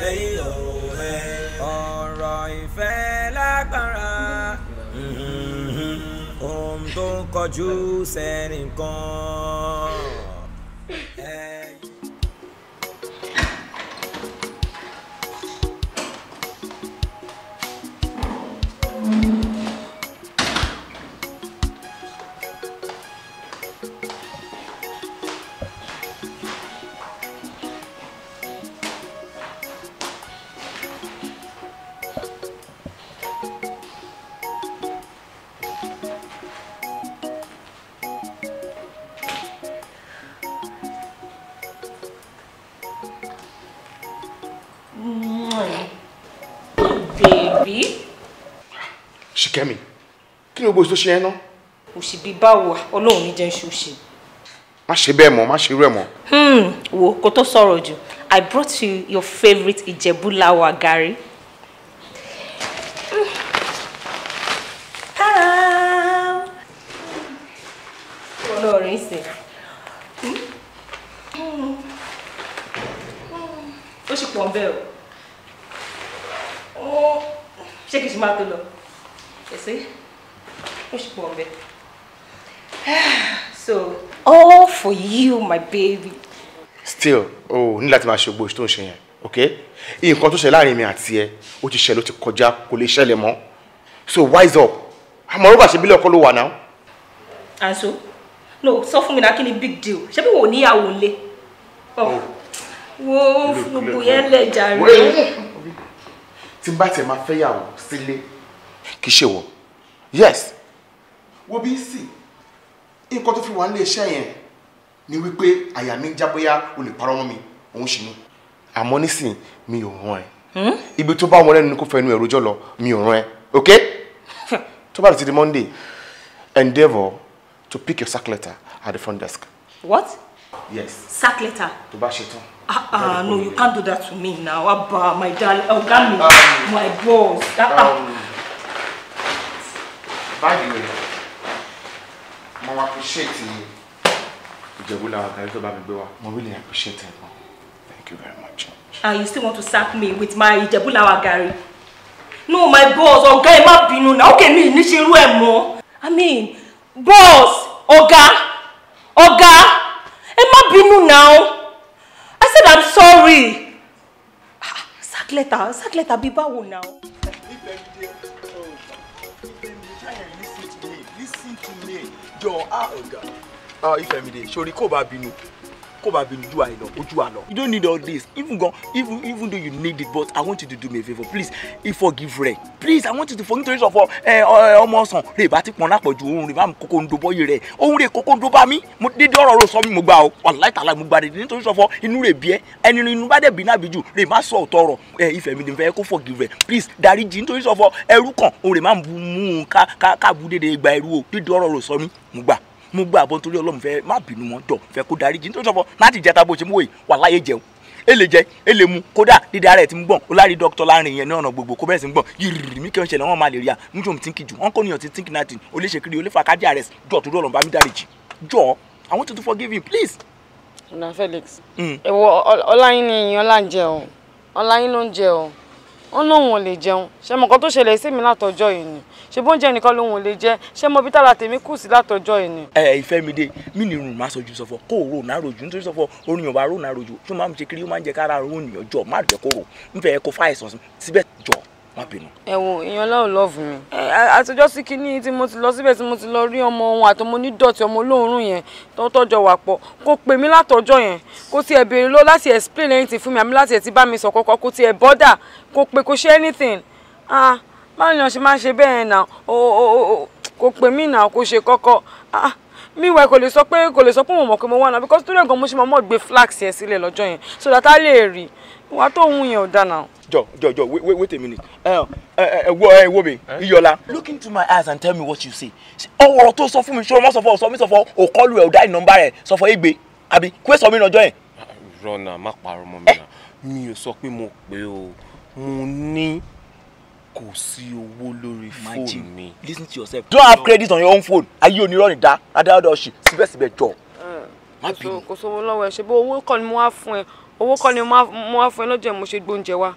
lẹ́yìn tó ń kọjú sẹ́nìkan. ṣìkẹ́mi kí ni gbogbo èso ṣe ẹ ná. òṣì bíi báwo ọlọ́run ní jẹ́ ṣe òṣì. má ṣe bẹ́ẹ̀ mọ́ má ṣe irú ẹ̀ mọ́. Hmm, wo kó tó sọ̀rọ̀ jù I brought you your favourite Ìjẹ̀bú láwa gàrí. Hmm. ọlọ́run ìsìn. Hmm. ó sì pọ̀ bẹ́ẹ̀ o ṣé kìí ṣe máa tó lọ. You see? Which bombe? So, all oh, for you, my baby. Still, oh, ní láti máa ṣe gbogbo tó ń ṣe yẹn. Okay? In tó ṣe láàrin mi at ẹ, ó ti ṣe ló ti kọjá, kò lè ṣẹlẹ̀ So wise up. I'm Roba ṣe bí lọ́kọ́ ló wà And so? No, sọ fún mi náà kí big deal. Ṣé bí wò níyàwó only. Oh. oh. whoa, gbogbo yẹn lẹ̀ jàre. Tí n bá tẹ̀ máa kì í ṣe wọ yes wo bí sì nǹkan tó fi wà nílé iṣẹ́ yẹn ni wípé àyà mi ń já bóyá o lè parọ́ mọ́ mi òun sì ni àmọ́ nísìn mi ò rán ẹ hmm? ibi tó bá wọn lẹ́nu ni kò fẹnu ẹ̀ rojọ́ lọ mi ò rán ẹ ok tó bá ti di monday endeavour to pick your sack letter at the front desk. what. yes. sack letter. tó bá ṣe tán. Ah, ah, no, you can't do that to me now. Abba, my darling, oh, Gami, um, my boss. That, ah, ah. um, ah by the way mo appreciate ìjẹ̀bú làwọn àtàrí tó bá mi gbé wa mo really appreciate ẹ̀ thank you very much. and you still want to sack me with my ìjẹ̀bú làwọn no my boss Oga ẹ má bínú náà ó kè mí níṣẹ́ irú i mean boss Oga Oga ẹ má bínú náà i said i'm sorry ah, sack letter sack letter Be bad now. jọ ah, ọ̀gá ah, Ifẹ̀mídé sori kò bá bínú could have been do I know, do know. You don't need all this. Even gone, even even though you need it, but I want you to do me a favor, please. If forgive Ray, please. I want you to forgive the of eh, eh, ọmọ sàn. Ray, bá ti pọn náà pọ̀jù òun rẹ̀ bá mi kókó ń dobọ́ yìí rẹ̀. Òun rẹ̀ kókó ń dobọ́ mi. Mo dédé ọ̀rọ̀ rò sọ mi mo gbà o. Wàláì tàlà mo gbà dèdè nítorí sọ̀fọ̀ inú rẹ̀ bí ẹ́. Ẹni inú Ray má sọ ọ̀tọ̀ ọ̀rọ̀. Ẹ eh, ìfẹ́ mi nìfẹ́ kó forgive Ray. Please dáríjì nítorí sọ̀fọ̀ ẹrú kan òun rẹ̀ má mú un ká ká ká bu dédé gba ẹrú o. Dédé ọ̀rọ̀ rò sọ mi mo gbọ́ àbọ̀ nítorí ọlọ́run fẹ́ má bínú mọ́ jọ fẹ́ kó darí jí nítorí sọ́fọ́ láti jẹta bó ṣe mú wòye wà láyé jẹun ele jẹ ele mu kódà dídá ara ti ń gbọ̀n ó lárí láàrin yẹn ní ọ̀nà gbogbo kó bẹ̀rẹ̀ sí ń gbọ̀n yìrìrì mí kí ṣẹlẹ̀ wọ́n máa lè rí a mú jòm tí jù wọ́n kò níyàn tí ń náà tì ó lè kájí àrẹ jọ tó dọ̀lọ́ bá dárí jì jọ I want you to forgive him please. ọ̀nà Felix. Hmm. ẹ̀wọ̀ ọláyín ni ìyẹn ọlá ń jẹ o ọláyín ló ń jẹ o ó lóun ò lè jẹun ṣe mọ̀ nǹkan tó ṣẹlẹ̀ sí mi látọjọ́ yìí ni ṣe bó ń jẹ nìkan lóun ò lè jẹ ṣe mọ̀ bí tára tèmi kù sí látọjọ́ yìí ni. ẹ ìfẹ́ mi dé mí ni rùn má sojú sọfọ kó o rò náà rojú nítorí sọfọ orin ọba rò náà rojú tó máa ń ṣe kiri ó máa ń jẹ kára rò níyànjọ má jẹ kó rò kó fáìsàn síbẹ̀ jọ má bínú. ẹ̀wọ̀n èèyàn láò lọ́ọ̀fù mi. àtijọ́ sí kínní tí mo ti lọ síbẹ̀ tí mo ti lọ rí ọmọ ohun àtọmọ onídọ̀tí ọmọ olóòórùn yẹn tó tọ́jọ wà pọ̀ kó pè mí látọjọ́ yẹn kó tiẹ̀ béèrè lọ láti explain anything fún mi àmì láti ẹ̀ ti bá mi sọ kọ́kọ́ kó tiẹ̀ bọ́dà kó pè kó ṣe anything. ah má ní ọ̀ṣẹ́ máa ń ṣe bẹ́ẹ̀ nà kó pè mí nà kó ṣe kọ́kọ́ ah miwe kò lè sọ pé kò lè sọ pé mo mọ̀ pé mo wà náà because torí ẹ̀gàn mo ṣe mọ̀ mọ́ gbé flax yẹn sílẹ̀ lọ́jọ́ yẹn so that a lè rí wàá tó ohun yẹn ò dáná jọ jọ jọ wait wait wait a minute ẹ ẹ wo ẹ wo mi iyọla. look into my eyes and tell me what you see. Oh, tó sọ fún mi ṣé o mọ̀ sọ fún ọ sọ mi sọ fún ọ òkọlù ẹ ò dá ìnọmba rẹ sọ fún egbe àbí kúwé sọ mi lọ́jọ́ yẹn. rọnà má parọ́ mọ́ mi náà mi ò sọ pé mo pè o mo ní kò sí owó lórí phone? mi. listen to yourself don't have credit on your own phone ayé onírọ́ọ̀nì dá adáyọ̀dọ̀ ọ̀sì síbẹ̀síbẹ̀ jọ. kò sówó lọ́wọ́ ẹ̀ ṣe bó owó kọ́ ni mo wá fún ẹ owó kọ́ ni mo wá fún ẹ lọ́jọ́ ẹ̀ mo ṣe gbóúnjẹ wa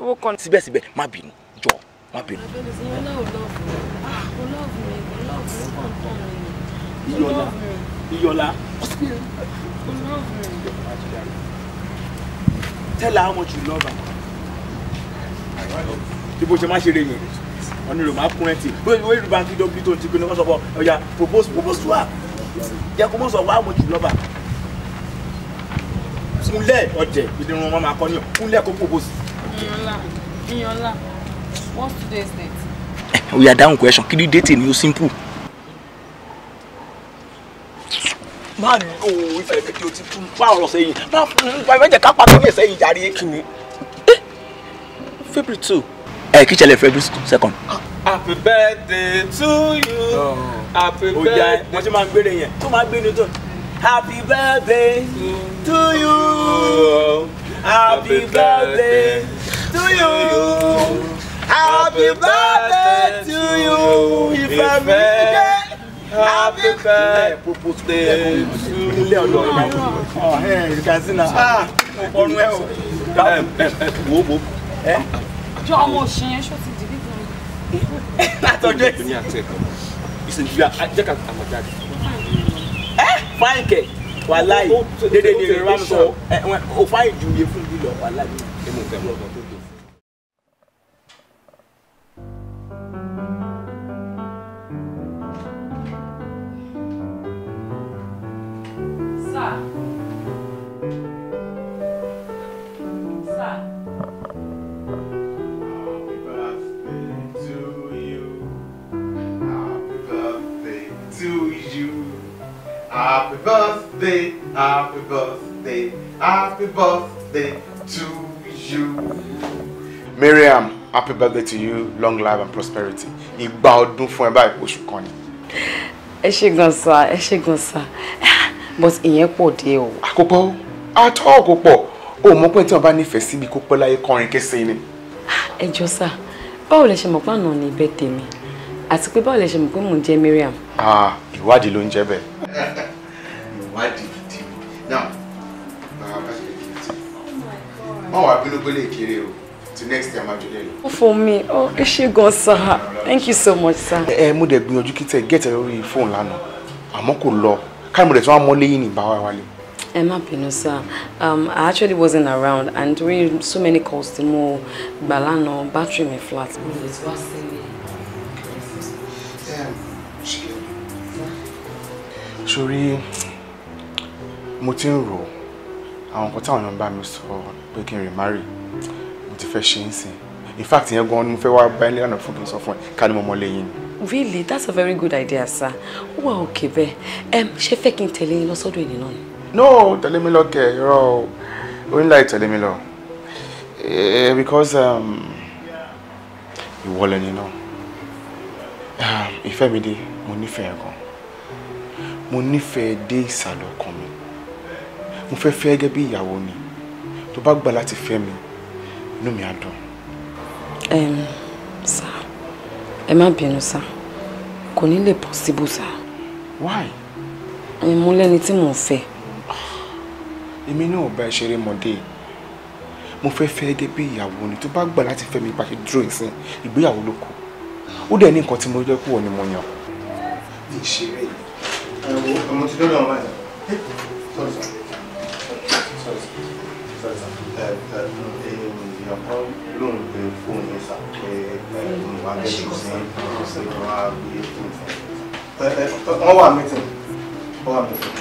owó kan. síbẹ̀síbẹ̀ má bínú jọ má bínú. iyọlá iyọlá. tell her how much you love her. bí bó ṣe má ṣe rè yẹn ọ̀nà ìròmọ̀ akúrẹ́ntì bóyá ìwé ìrìbá kí dọ́bí tó ti pinnu kọ́ sọ́kọ́ ọ̀yà propose propose to her jẹ́ kó mọ̀ sọ wá how much you love her. kúnlẹ̀ ọ̀jẹ̀ ìdìrún wọn máa kọ́ ní kúnlẹ̀ kó propose. Iyọ̀nla, Iyọ̀nla, what's today's date? Oya dáhùn question, kí ni date in ó simple? Man, oh, o ìfẹ̀lẹ̀ kẹ́kẹ́ o ti fún bá ọ̀rọ̀ when the fún un bá ẹ̀jẹ̀ ká pàtó lè sẹ́yìn jàre. Kí ni? Eh, February two. Ẹ eh, kí ṣẹlẹ̀ February second. Happy birthday to you. Oh. Happy oh, birthday. Oya mo ti máa ń gbére yẹn. Happy birthday to you. Oh. Happy birthday to you. Happy birthday to you. If I make happy birthday to oh, you. You can see now. Ah, ah ọ̀run ẹ o. Eh, eh, eh, wo wo. Jọ ọmọ òsì yẹn ṣó ti dìbí gan. Látọjọ́ ìsìn. Ìsìn jù jẹ́ ká àmọ̀ jáde. Ẹ fáìnkẹ̀ wàláì dédé ni ìrora mi sọ o fa ìjúwe fún mi lọ wàláì ni mo fẹ́ mọ ọkọ Happy birthday birthday, happy birthday, happy birthday to you. Miriam, happy birthday to you, long life and prosperity. Ìgbà ọdún fún ẹ báyìí oṣù kan ni. Ẹ ṣé gan sá, ẹ ṣé gan sá. But ìyẹn pọ̀ díẹ̀ o. Àkópọ̀ àtọ́ kò pọ̀. O mọ̀ pé tí wọ́n bá nífẹ̀ẹ́ síbi kó pẹ́ láyé kọrin kése ni. Ẹ jọ sá, báwo lẹ ṣe mọ̀ pé àná ni ìbẹ́ tèmi? Àti pé báwo lẹ ṣe mọ̀ pé mò ń Miriam? Ah, ìwádìí ló ń jẹ́ bẹ́ẹ̀ má di now màá bá ṣe kí n ti má wàá bínú pé lè kéré next time ajọlẹ lọ. for me oh ẹ she gone, sir thank you so much sir. Eh, mo dẹ̀ gbìyànjú kí tẹ gẹ̀tẹ̀ lórí fóònù lánàá àmọ́ kò lọ káàmù rẹ̀ tí wọ́n á mọ lẹ́yìn ní ìbáwá wálé. ẹ sir um, i actually wasn't around and we so many calls to mo gbà battery me flat. It's lè tún wá sí mi. sori mo ti ń rò ó àwọn nǹkan táwọn èèyàn bá mi sọ pé kí n remarry mo ti fẹ́ ṣe é sìn in fact yẹn gan-an ni mo fẹ́ wá bá ẹ lẹ́yìn fún kí n sọ fún ẹ ká ní mo mọ lẹ́yìn ni. really that's a very good idea sir ó wà òkè bẹ́ẹ̀ ṣé fẹ́ kí n tẹ̀lé yín lọ sọ́dọ̀ ènìyàn náà ni. no tẹ̀lé mi lọ kẹ̀ ẹ̀rọ onílà ìtẹ̀lé mi lọ eh, because um, ìwọ lẹni náà um, ìfẹ́ mi dé mo nífẹ̀ẹ́ gan mo nífẹ̀ẹ́ dé ìsàlọ̀ ọkàn mi mo fẹ́ fẹ́ gẹ́gẹ́ bí ìyàwó ni tó bá gbà láti fẹ́ mi inú mi á dùn. sá ẹ má bínú sá kò ní lè possible sá. why. mo lẹ́ni tí mò ń fẹ́. èmi náà bá ẹ ṣeré mọ́dé mo fẹ́ fẹ́ gẹ́gẹ́ bí ìyàwó ni tó bá gbà láti fẹ́ mi bá ṣe dúró ìsìn ìgbéyàwó ló kù ó dẹ̀ ní nǹkan tí mo jẹ́ kúrò ni mo yàn. ìṣeré ẹ̀wọ̀ ọmọ ti dọ́dọ̀ ọmọ ẹ̀ sọ̀rọ̀ ìyàpọ̀ lóun gbé fóònù yẹn sà pé òun wà bẹ́ẹ̀ tó sí sí wà gbé fóònù fún un. wọ́n wà mítìn wọ́n wà mítìn.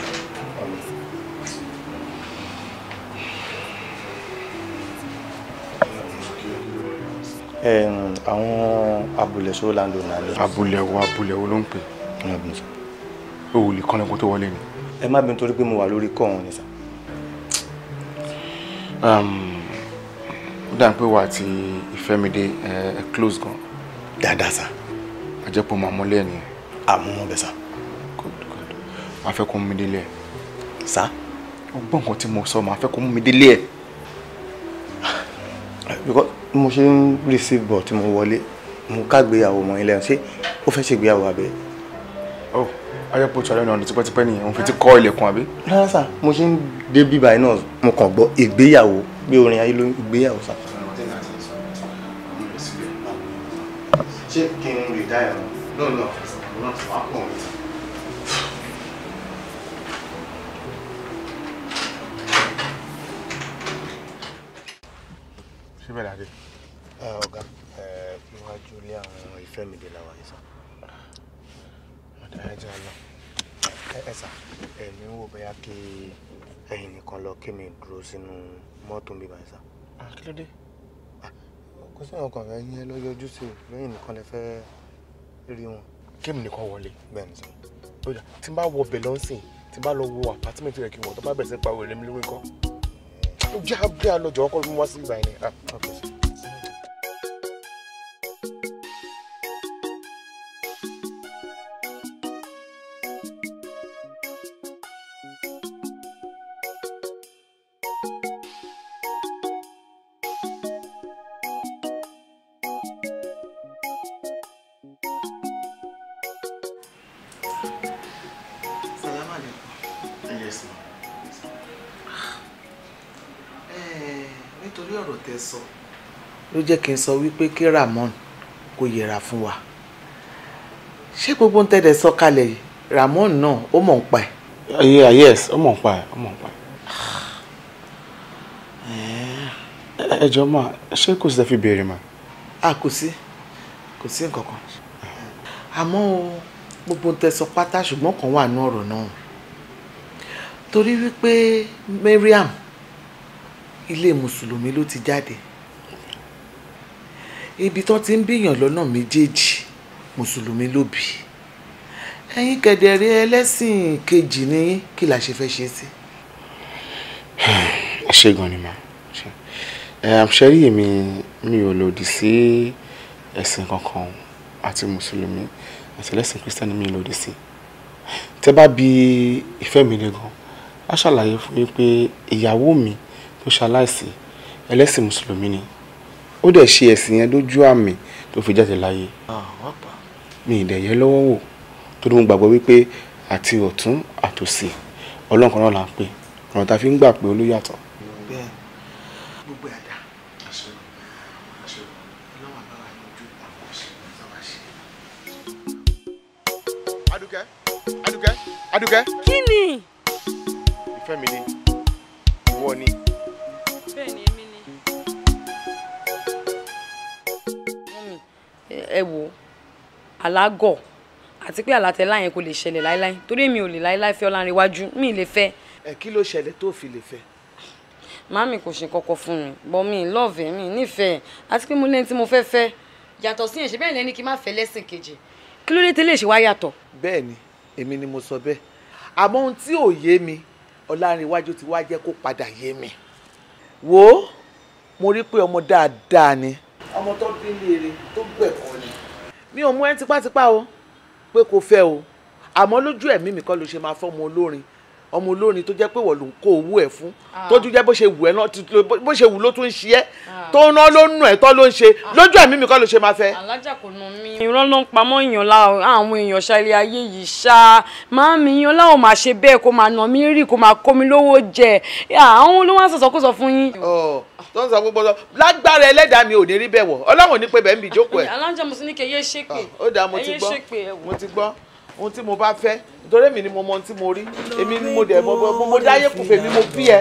àwọn abúlé sọ lando náà ni. abúlé wo abúlé wo ló ń pè. òòlì kan lẹ́kọ̀ọ́ tó wọlé ni. ẹ má bínú torí pé mo wà lórí kọ́ ọ̀hún ni sà. Um, ó dà pé wà àti ìfẹ́midé ẹ close gan. a sá. àjẹpọ̀ máa mọ́lé ẹ̀ nìyẹn. àmọ́ wọn bẹ sá. good good máa fẹ́ kó mú mi délé ẹ̀. sá. ó gbọ́ nǹkan mo sọ máa fẹ́ kó mú mi délé because mo ṣe receive bọ̀ tí mo wọlé mo kágbéyàwó mọ́ ilé ẹ̀ ṣé ó fẹ́ ṣègbéyàwó àbẹ́. oh ayọ́pọ̀ tí ọlọ́run ọ̀dún tipẹ́tipẹ́ nìyẹn òun fi ti kọ́ ilẹ̀kùn àbí. rárá sá mo ṣe ń dé bíbá iná mo kàn gbọ́ ìgbéyàwó bí orin ayé ló ń gbéyàwó sá. ṣé kí n rí dáyà náà náà náà fà á pọ̀ mi. ṣé bẹ́ẹ̀ dáadé. ọ̀gá níwájú ilé àwọn ìfẹ́ mi dé làwọn àyíṣà. ọ̀dà ẹja lọ ẹ ẹ sà ẹ̀mí ń wò bóyá kí ẹ̀yin nìkan lọ kí mi dúró sínú mọ́tò mi báyìí sá. kí ló dé. kò sí àwọn kan rẹ yín lọ́yọ́jú sí i lẹ́yìn nìkan lè fẹ́ rí wọn. kéèmù nìkan wọlé. bẹ́ẹ̀ni sọ. ó yá tí n bá wọ bẹ̀ lọ́sìn tí n bá lọ wo àpátímẹ̀tì rẹ̀ kí n wọ̀ tó bá bẹ̀rẹ̀ sí pa òwe lẹ́mi kọ́. ó jẹ́ àbúrò àlọ́jọ́ ọkọ̀ mi wá sí ìgbà yẹn. ló jẹ́ kí n sọ wípé kí Ramon kó yẹra fún wa ṣé gbogbo ń tẹ̀dẹ̀ sọ kalẹ̀ Ramon náà ó mọ̀ ń pa ẹ̀. yeah yes ó mọ̀ ń pa ẹ̀ ó mọ̀ ń pa ẹ̀. ẹ jọ mà ṣé kò sí ẹ fi béèrè mà. a kò sí kò sí nǹkan kan àmọ́ gbogbo ń tẹ sọ pátá ṣùgbọ́n kan wà ní ọ̀rọ̀ náà torí wípé Mariam ilé mùsùlùmí ló ti jáde ibi tó ti ń bíyàn lọ́nà méjèèjì mùsùlùmí ló bí ẹ̀yin kẹ̀dẹ̀rẹ́ ẹlẹ́sìn kejì ní kí la ṣe fẹ́ ṣe sí. ṣé gan ni mà ṣẹ́rí èmi mi ò lòdì sí ẹ̀sìn kankan àti mùsùlùmí àti ẹlẹ́sìn kírísítẹ́nì mi lòdì sí tẹ́ bá bi ìfẹ́ mi lẹ́gàn á ṣàlàyé fún mi pé ìyàwó mi tó ṣaláìsí ẹlẹ́sìn mùsùlùmí ni ó dẹ̀ ṣe ẹ̀sìn yẹn lójú àmì tó fi jáde láyé ah, mi ì dẹ̀yẹ lọ́wọ́ wò tó ní mo gbàgbọ́ wípé àti ọ̀tún àtòsí ọlọ́run kan náà là ń pè ọ̀rọ̀ tá a fi ń gbà pé olóyàtọ̀. adúkẹ́ adúkẹ́ adúkẹ́. kí ni. ìfẹ́ mi ni ìwọ ni. ẹ wò alágọ̀ àti pé àlàtẹ́lá yẹn kò lè ṣẹlẹ̀ láíláí torí mi ò lè láíláí fẹ́ Ọlánrewájú mi lè fẹ́. ẹ kí ló ṣẹlẹ̀ tó fi lè fẹ́. màámi kò ṣe kọkọ fún mi bọ mi lọ́ọ̀fẹ́ mi nífẹ̀ẹ́ àti pé mo lẹ́ni tí mo fẹ́ fẹ́. yàtọ̀ sí ẹ̀ṣẹ̀ bẹ́ẹ̀ lẹ́ni kí n má fẹ́ lẹ́sìn kejì kí ló dé tẹ́lẹ̀ ṣe wá yàtọ̀. bẹ́ẹ̀ni èmi ni mo sọ bẹ́ẹ̀ àmọ́ ohun tí ò yé mi Ọlánrewájú ti wá jẹ́ kó padà yé mi. wo mo rí pé ọmọ dáadáa ni ọmọ tó bí léèrè tó gbẹ̀kọ́ ni. mi ò mú ẹ tipátipá o pé kò fẹ́ o àmọ́ lójú ẹ̀mí mi kọ́ ló ṣe máa fọ́ ọmọ olórin ọmọ olórin tó jẹ́ pé wọ́n ló ń kó owó ẹ̀ fún ah. tójú jẹ́ bó ṣe wù ẹ́ bó ṣe wù ló tún ń ṣe ẹ́ ah. tó ń ná ló ń nù ẹ́ tọ́ ló ń ṣe ah. lójú ẹ̀mí mi kọ́ ló ṣe máa fẹ́. alájà kò nà mí. ìran ló ń pamọ́ èèyàn la àwọn èèyàn ṣàlẹ̀ ayé yìí ṣá máa mi yan láwọn máa ṣe bẹ́ẹ̀ kó máa nà mí rì kó máa kó mi lówó jẹ àwọn ló wá sọ̀sọ́kùsọ fún yín tó ń sọ gbogbo sọ lágbára ẹlẹ́dàá mi ò ní rí bẹ̀ wọ̀ ọlọ́run ní pé bẹ́ẹ̀ ń bì jókòó ẹ̀. aláǹjọ mo ti ní kí ẹ yé ṣépè ah, ó dáa mo ti gbọ́ mo ti gbọ́ ohun tí mo bá fẹ́ nítorí èmi ni mo mọ ohun tí mo rí èmi ni mo dẹ̀ mo mo dáyé kùfẹ́ mi mo bí ẹ.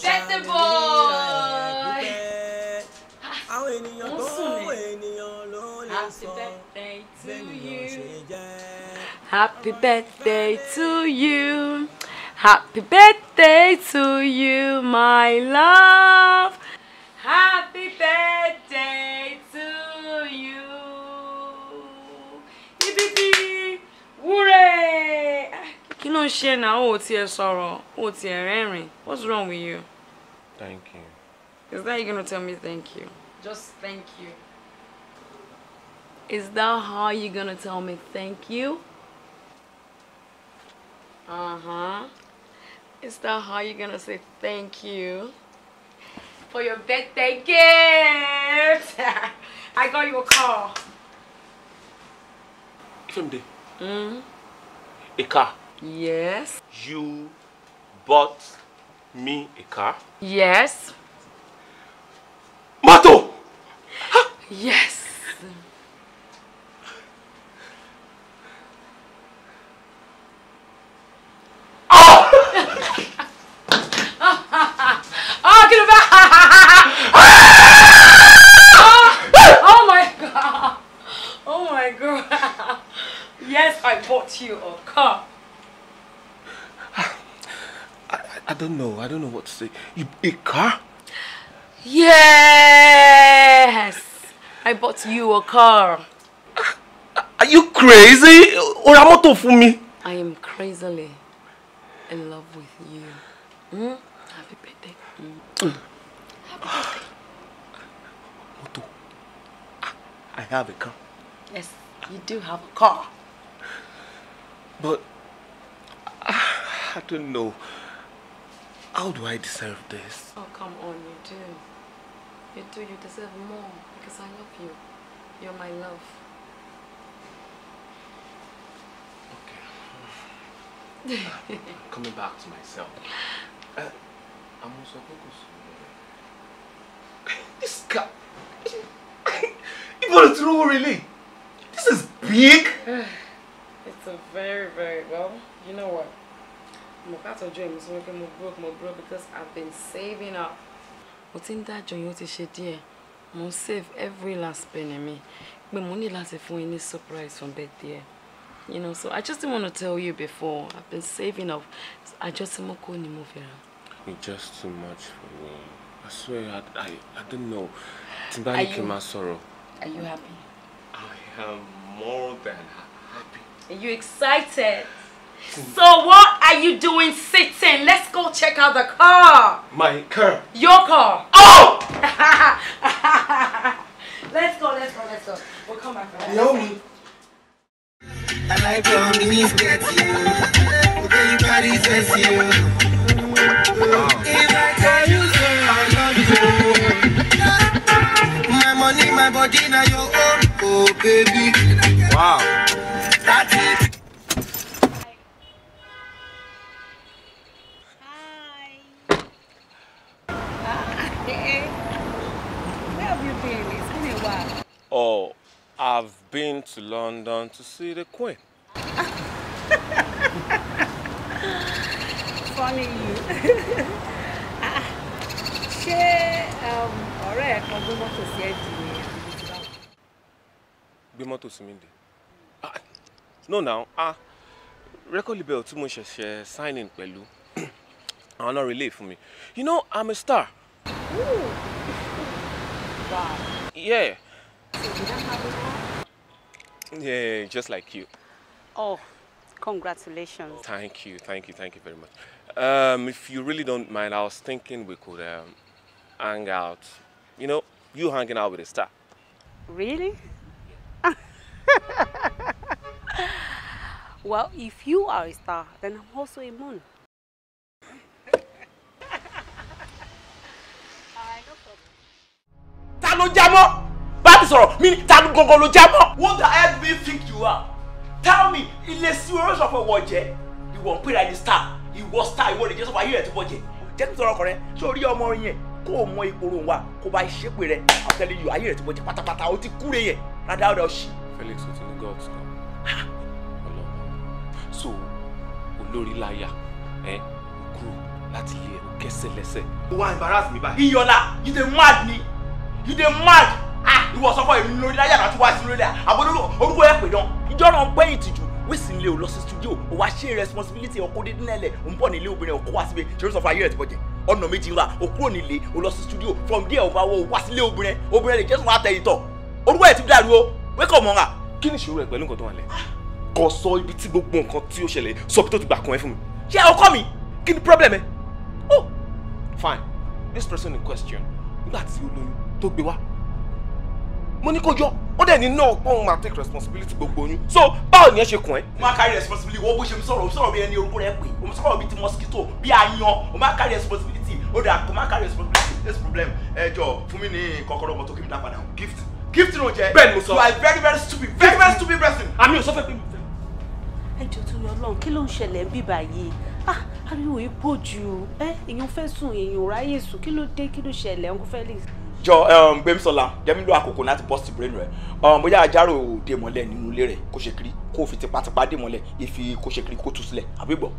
tẹ́tẹ́ ah, ah. bọ́ọ̀ àwọn ènìyàn tó Happy birthday to you. Happy birthday. birthday to you, my love. Happy birthday to you. Yippee! Hooray! You share now, what's náà ó tiẹ̀ sọ̀rọ̀, What's wrong with you? Thank you. Is that you gonna tell me thank you? Just thank you. Is that how you gonna tell me thank you? Uh-huh. Is that how you're gonna say thank you for your birthday gift? I got you a car. Kimde. Mm. A car. Yes. You bought me a car. Yes. Mato. Yes. you a car? I, I don't know. I don't know what to say. You, a car? Yes! I bought you a car. Are you crazy? Or am mọ́tò fún mi? I am crazily in love with you. Mm? Happy birthday. Mm. Happy birthday. Ah, I have a car. Yes, you do have a car. But I, I don't know. How do I deserve this? Oh, come on, you do. You do, you deserve more because I love you. You're my love. Okay. coming back to myself. Uh, I'm also focused. This guy. You want to throw really? This is big. it's a very very well you know what mo ká tọ́jú ẹ̀ mo sọ pé mo broke mo broke because I've been saving up mo ti that dájọ yín ó ti ṣe save every last penny me. pé money last if we need surprise from there. you know so I just didn't want to tell you before I've been saving up I just mo kó ni mo fi it's just too much for me I swear I I, I don't know tí bá ní kí are you happy. I am more than happy. Are you excited? So what are you doing sitting? Let's go check out the car. My car. Your car. Oh! let's go, let's go, let's go. We'll come back. Right? You know me. I like your knees get you. The your body dress you. If I tell you so, I love you. My money, my body, now your own. Oh, baby. Wow. Oh, I've been to London to see the Queen. Funny you. She um ẹ̀ kan gbé mọ́tò sí ẹ̀jì ni àbí ti bá wọn? Gbé no now ah record label too much ṣẹ̀ṣẹ̀ signing, in I'm not relay for me. you know i'm a star. Ooh. yeah. yeah just like you. oh congratulations. thank you thank you thank you very much. Um, if you really don't mind i was thinking we could um, hang out you know you hanging out with a star. really. well, if you are a star, then I'm also a moon. Ta ló já mọ́? Bá ti sọ̀rọ̀ mi ta What the hell do you think you are? Tell me, in the orí of a jẹ́, you ń pèrè ẹni star, ìwọ star you lè jẹ́ sọ́fọ̀ ayé rẹ̀ tó bọ̀ jẹ́. Jẹ́ kí n sọ̀rọ̀ ọkùnrin, ṣé o rí ọmọ orin yẹn? Kó o mọ ipò òun wa, kó o bá ṣépè rẹ̀, àtẹlẹ́yìn ayé rẹ̀ tó bọ̀ jẹ́ pátápátá, o ti kúre yẹn, rádá ọ̀dà Felix, o ti ní gọ́ọ̀sì ọlọ́run so olórí láyà ẹ kúrò láti ilé ẹ kẹsẹ̀ lẹ́sẹ̀. ó wá embarrass mi báyìí. iyọlá you dey mad ni you dey mad ah ìwọ sọ fún èmi lórí láyà àti wá sí lórí àbọ̀dọ́ orúkọ ẹ̀ pè dán. ìjọ́ràn ń pẹ́yìn tìjú wíìsì nílé o lọ sí studio o wá ṣe responsibility ọkọ dédé nílẹ̀ o ń bọ̀ nílé obìnrin ọkọ wá síbi ṣe ló sọ fún ayé rẹ̀ ti bọ̀jẹ̀ ọ̀nà méjì ńlá o kúrò nílé o lọ sí studio from there o bá wọ o wá sílé obìnrin obìnrin lè jẹ́ sùn wá tẹ̀yìn tọ̀ orúkọ ẹ̀ ti dàrú o wake up mọ́ra kí ni ìṣòro ẹ pẹ̀lú nǹkan tó wà lẹ̀ kò sọ ibi tí gbogbo nǹkan tí ó ṣẹlẹ̀ sọ pé tó ti gbà kan ẹ fún mi ṣé ọkọ mi kí ni problem ẹ oh fine this person in question nígbà tí ó lóyún tó gbé wá mo ní kó yọ ó dẹ̀ ní náà pọ́n máa take responsibility gbogbo oyún so báwo ni ẹ ṣe kàn ẹ́. mo máa carry responsibility wọ́n bó ṣe mi sọ̀rọ̀ sọ̀rọ̀ bí ẹni orúkọ rẹ̀ pé mo sọ̀rọ̀ bí ti mosquito bí ayan mo máa carry responsibility ó dà mo máa carry responsibility this problem ẹ jọ fún mi ní kọ́kọ́rọ́ ọmọ tó kí mi dá padà gift gift ló jẹ bẹ́ẹ̀ ni mo sọ you are very very stupid very very stupid person. àmì ah, ò sọ fẹ́ pé mo fẹ́. ẹ jọ torí Ọlọ́run kí ló ń ṣẹlẹ̀ ń bì báyìí ah ariwo yìí pọ̀ jù ẹ èèyàn fẹ́ sùn èèyàn ò ráyè sùn kí ló dé kí ló ṣẹlẹ̀ uncle Felix jọ um, gbẹmísọlá jẹmí ló àkókò láti bọ́ the brain rẹ um, bóyá ajáró dè mọ́lẹ̀ nínú ilé rẹ̀ kó ṣe kiri kó fi tipátipá dè mọ́lẹ̀ ìfi kó ṣe kiri kó tú sílẹ̀ àbí gbọ́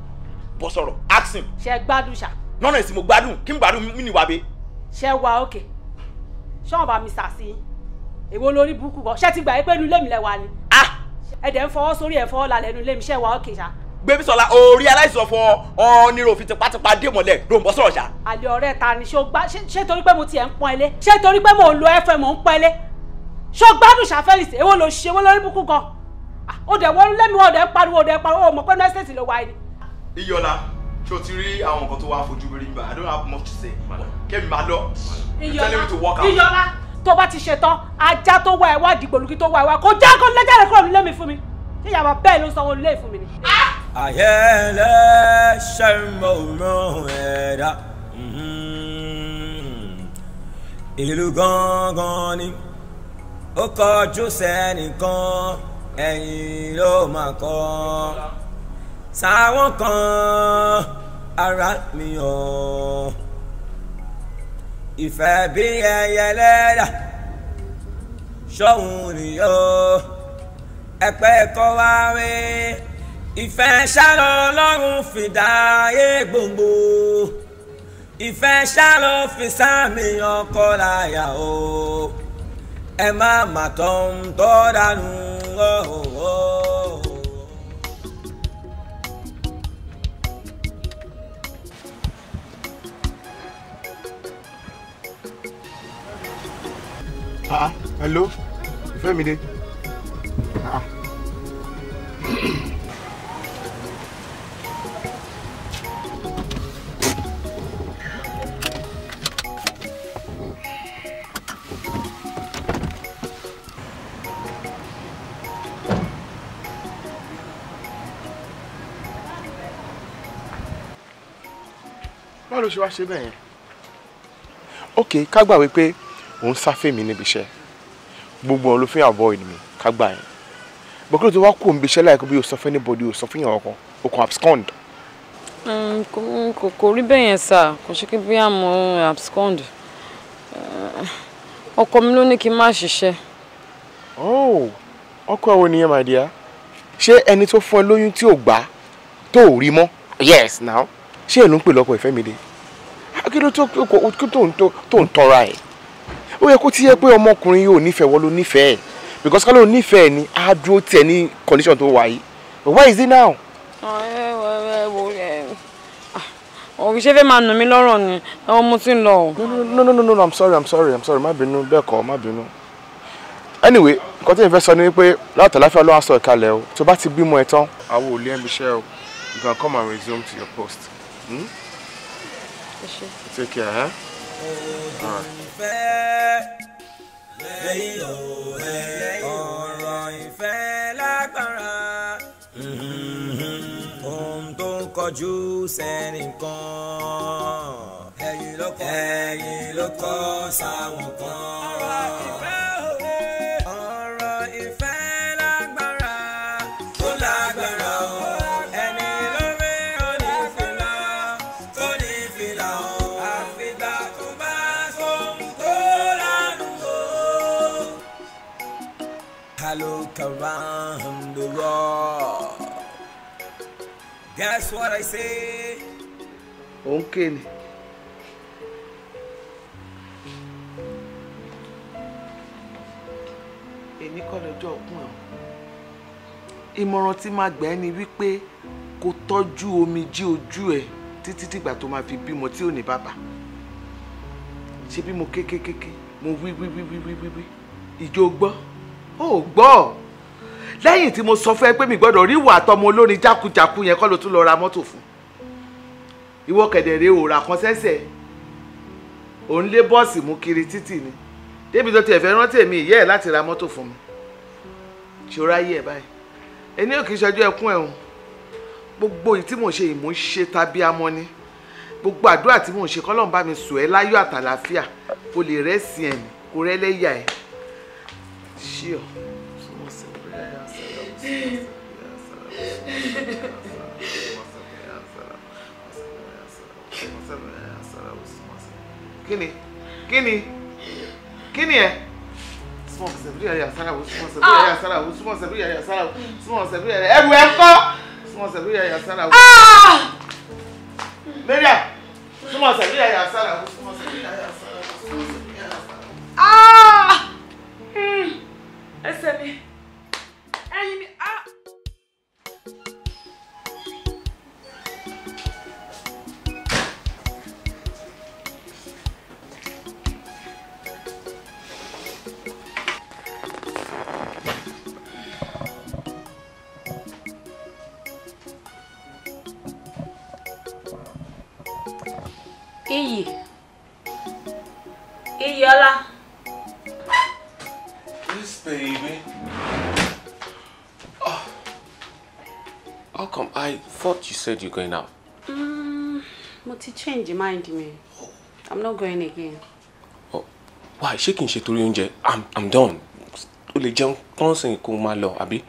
bọ́ sọ̀rọ̀ ask him. ṣe gbádùn ṣá. nọ́nà ìsìn mo gbádùn kí n gbádùn mí ni wàá bẹ. ṣe wà ókè ṣọ́ọ̀bà mi sà sí i èwo lórí burúkú gan ṣé ti gbà yín pé inú ilé mi lẹ wà ni. Ah! ẹ dẹ̀ ń fọwọ́ sórí ẹ̀ fọwọ́ lálẹ́ inú ilé mi ṣe wà ókè ṣá. Gbémisọ́lá orí aláìsàn fún ọ ní ròfin tipátipá dé mọ́lẹ̀ ló ń bọ́ sọ̀rọ̀ ṣá. àlè ọ̀rẹ́ ta ni ṣó gbá ṣé torí pé mo tiẹ̀ ń pọ́n ẹlé ṣé torí pé mo lo ẹ̀fẹ̀ mò ń pọ́n ẹlé ṣó gbádùn ṣàfẹ́lì sí èwo ló ṣe èwo lórí burúkú gan. ó ah, dẹ̀ wọ́n lẹ́mi wọ́n dẹ̀ pariwo ó dẹ̀ pariwo mọ̀ pé nọ́ọ̀sì ló wáyé. iyọ̀la ṣó ti rí àwọn tó bá ti ṣe tán ajá tó wá ìwádìí gbòlùkí tó wá ìwá kò já kó lẹ́jà kúrò nílé mi fún mi ṣé ìyàwó bẹ́ẹ̀ ló sanwó nílé fún mi ni. àyẹ̀lẹ̀ ṣẹ́mọ̀ràn ẹ̀dá hmm. ìlú gangan ni ó kọjú sẹ́nìkan ẹ̀yìn ló máa kọ́ sáwọn kan ara mi hàn ìfẹ́ bí ẹyẹ lẹ́dà ṣọ́hun nìyó ẹ̀pẹ́ kọ́ wá wé ìfẹ́ ṣálọ ọlọ́run fìdá ayé gbòǹgbò ìfẹ́ ṣálọ fi sáàmì ọkọ láyà o ẹ má mà ń tọ́ dànù ọ̀hún. Oh, oh, oh. ah hello ìfẹ́ mi dé. báwo ló ṣe wá ṣe bẹ́ẹ̀ yẹn. ok ká gbà wípé òun sáfẹ́ mi níbi iṣẹ́ gbogbo wọn ló fi avoid mi kágbà yẹn bọ́kúrò tí wọ́n kú òun bí iṣẹ́ láìpẹ́ bí o sọ fún anybody o sọ fún yàn ọkàn o kàn abscond. Mm, kò kò rí bẹ́ẹ̀ yẹn sà kò ṣe kí bí àmọ́ abscond eh, ọkọ mi ló ní kí n má ṣiṣẹ́. Oh, ọkọ ẹ wo nìyẹn my dear ṣé ẹni tó fún ẹ lóyún tí ò gbà tó ò rí mọ́ yes now ṣé ẹ ló ń pè lọ́kọ ìfẹ́ mi dé kí ló tó tó ń tọ́ra ẹ̀ ó yẹ kó ti yẹ pé ọmọkùnrin yóò nífẹ̀ẹ́ wọ́n ló nífẹ̀ẹ́ because kálọ̀ nífẹ̀ẹ́ ni á dúró tiẹ̀ ní condition tó wáyé but why is it now. òun ṣe fẹ́ máa nù mí lọ́rọ̀ ni ẹ̀wọ̀n mo ti ń lọ. no no no no no i'm sorry i'm sorry i'm sorry má bínú bẹ́ẹ̀ kọ́ má bínú. anyway nǹkan tí mo fẹ́ sọ ni pé láti àlàáfíà ló wá sọ ìkàlẹ̀ o tó bá ti bímọ ẹ̀ tán. àwọn ò lé ẹbí you can come and resume to your post. Hmm? Take care, huh? All ìfẹ́ lẹ́yìn òwe ọ̀rọ̀ ìfẹ́ lágbára mm-hmm. ohun tó ń kọjú sẹ́nìkan ẹ̀yìn ló kọ sáwọn kan. That's what I say. Ó ń ké ni. Èmi kọ́ lọ́jọ́ ọ̀kún ẹ̀. Ìmọ̀ràn tí máa gbà ẹ́ ni wípé kó tọ́jú omijé ojú ẹ̀ títí dìgbà tó máa fi bímọ tí ò ní bàbá. Ṣé bí mo kékékéké mo wí wí wí wí Ijo wí ìjó gbọ́? Ó lẹ́yìn tí mo sọ fún ẹ pé mi gbọ́dọ̀ rí ìwà àtọmọ olórin jákujàku yẹn kọ́ ló tún lọ ra mọ́tò fún ìwọ kẹ̀dẹ̀rẹ̀ òòrà kan sẹ́sẹ̀ òun lé bọ́ọ̀sì mú kiri títì ni débi tó tiẹ̀ fẹ́ rántí èmi ìyá ẹ̀ láti ra mọ́tò fún mi ṣòro ayé ẹ̀ báyìí ẹni ò kì í ṣojú ẹkún ẹ̀ hùn gbogbo yìí tí mò ń ṣe yìí ń ṣe tàbí amọ́ni gbogbo àdúrà tí mò ń ṣe kọ́lọ́n bá mi sùn ẹ́ láyọ̀ àtàlàáfíà kò lè rẹ́sìn ẹ̀mí kò rẹ́lẹ́yà ẹ̀ ṣí ọ́. Kíni? Kíni? Kíni ẹ? Súnmọ̀ sẹ̀bírí ẹ̀rẹ̀ àsárà wo súnmọ̀ sẹ̀bírí ẹyin mi á. Ah! iyì iyì This baby. How come? I thought you said you're going out. Um, mo ti change your mind me. I'm not going again. Oh, why? Ṣé kì í ṣe I'm I'm done. O lè jẹun kán sìn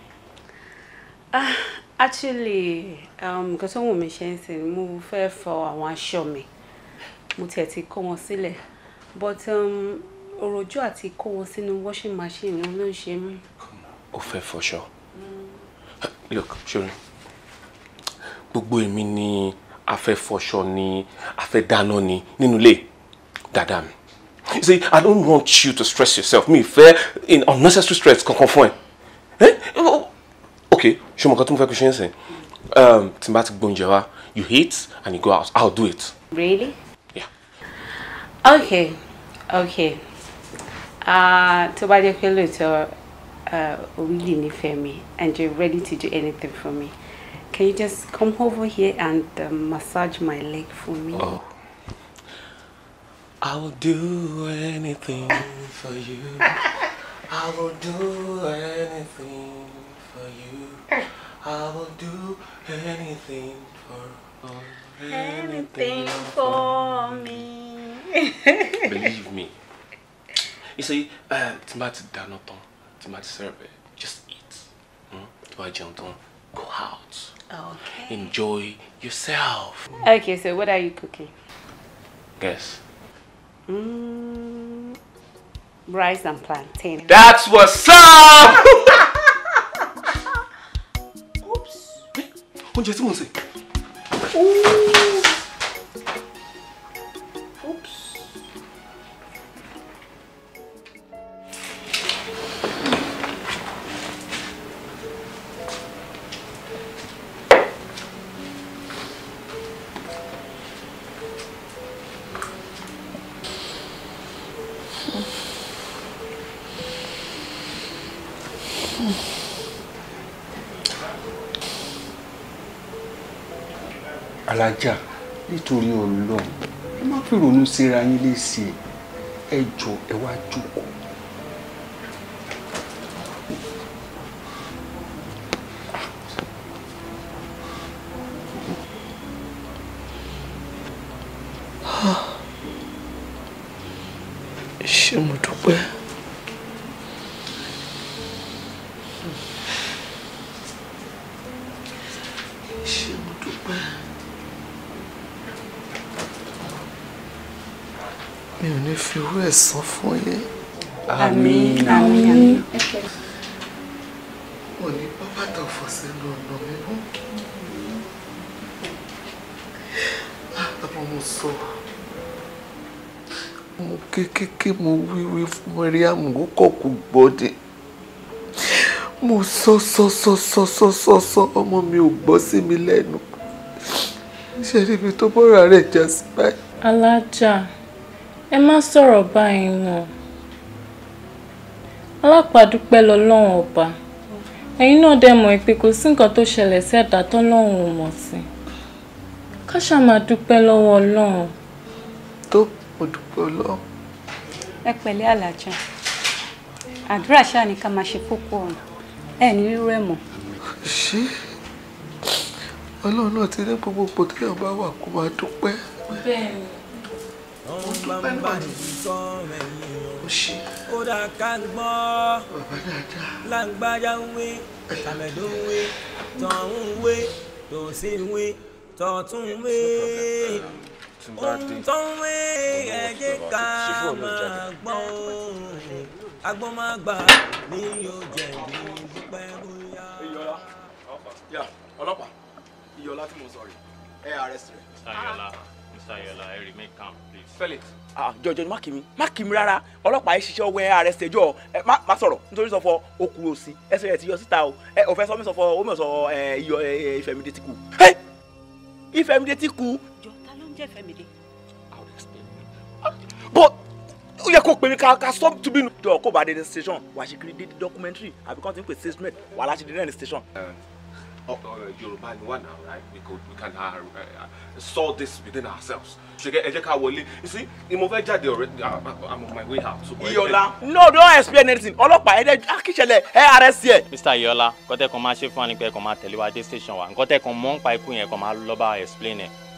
Ah, actually, um, tó wù mí ṣe ń sìn mo fẹ́ fọ àwọn aṣọ mi. But um, àti kó wọn sínú washing machine no shame. ṣe mí. O fẹ́ fọṣọ. Look, Ṣorin gbogbo èmi ni a fẹ́ fọṣọ ni a fẹ́ dáná ni nínú ilé dada mi you see i don't want you to stress yourself Me fẹ́ in unnecessary stress kankan fún ẹ eh? oh, ok ṣé mo kàn tó mo fẹ́ kí n ṣe ń sìn um, tí n bá ti gbóúnjẹ wá you eat and you go out i'll do it. really? yeah. okay okay uh, tó bá jẹ́ pé lóòótọ́ uh, orílẹ̀ nífẹ̀ẹ́ mi and you're ready to do anything for me. Can you just come over here and um, massage my leg for me? Oh. I will do anything for you. I will do anything for you. I will do anything for, anything, anything for me. Believe me. You see, eh, tí mà ti dáná tán, tí mà serve, just eat. Hmm? Tí mà jẹun tán, go out. Okay. Enjoy yourself. Okay, so what are you cooking? Guess. Mm, rice and plantain. That's what's up! Oops. Ooh. lájà nítorí Ọlọ́run ẹ má fi ronú síra yín léṣe ẹ jọ ẹ wá jókòó sọ fún yín. àmín àmín. mo ní pápátá ọ̀fọ̀ sínú ọ̀nà mímú. àmọ́ mo sọ mo kékeré mo wíwí fún Mariam ó kọ̀ kú gbọ́ ni mo sọ sọ sọ sọ sọ sọ sọ ọmọ mi ò gbọ́ sí mi lẹ́nu ṣe níbi tó bọ́ra rẹ̀ jà sí báyìí. alájà ẹ má sọ̀rọ̀ báyìí mọ́ alápàdúpẹ́ lọ́lọ́run ọba ẹ̀yin náà dẹ̀ mọ̀ pé kò sí nǹkan tó ṣẹlẹ̀ sí ẹ̀dá tọ́lọ́run ò mọ̀ sí ká ṣáà máa dúpẹ́ lọ́wọ́ ọlọ́run. tó kò dúpẹ́ ọlọ́run. ẹ pẹ̀lẹ́ alájà àdúrà ṣáà ni ká máa ṣe kókó ọ̀run ẹ ní rírú ẹ̀ mọ́. ṣé ọlọ́run náà ti ní gbogbo ipò tí bá wà kó máa dúpẹ́. bẹ́ẹ̀ ni dúpẹ́ náà ni ó ṣe. kódà ká gbọ́ lágbájá ń wé tàmẹ̀dó ń wé tọ̀hún ń wé tòsí ń wé tọ̀tún ń wé ohun tó ń wé ẹ̀jẹ̀ ká máa gbọ́ agbọ́mágbà ni yóò jẹ̀bi dúpẹ́ bóyá. iyọlá ọlọ́pàá iyọlá tí mo sọ rè é arrest rẹ. ayọ̀lá. Mr. I remain calm, please. Spell it. Ah, jọjọ má kì mí má kì mí rárá ọlọ́pàá yìí ṣiṣẹ́ ọwọ́ arrest ẹjọ́ ẹ ma, ma, nítorí sọ̀fọ̀ okùn òsì ẹsẹ̀ rẹ̀ ti yọ síta o ẹ òfẹ́ sọ mi sọ̀fọ̀ omi ọ̀sọ̀ ẹ iyọ ẹ ìfẹ̀mídé Hey, if ìfẹ̀mídé ti kú. jọ ta ló ń jẹ́ ìfẹ̀mídé. Ah, but ó yẹ kó pè mí ká ká sọ tó bínú. tó o kó station while she created the documentary àbí kọ́ńtì ń with six men while láti didn't náà ní station. Uh, uh, Yorùbá ni wà now right we could we can uh, uh, solve this within ourselves. ṣege ẹ jẹ́ ká wọlé you see ìmọ̀ fẹ́ already uh, uh, I'm on my way out. So no don't explain anything ọlọ́pàá ẹ̀dẹ̀ akíṣẹlẹ̀ ẹ̀ arrest ẹ̀. Mr Iyọlá kọ́tẹ́kùn máa ṣe fún wa ni pé ẹ̀kọ́ máa tẹ̀lé wa dé station wa nkọ́tẹ́kùn mọ́ ń pa ikú yẹn kọ́ máa lọ́ba explain ẹ̀.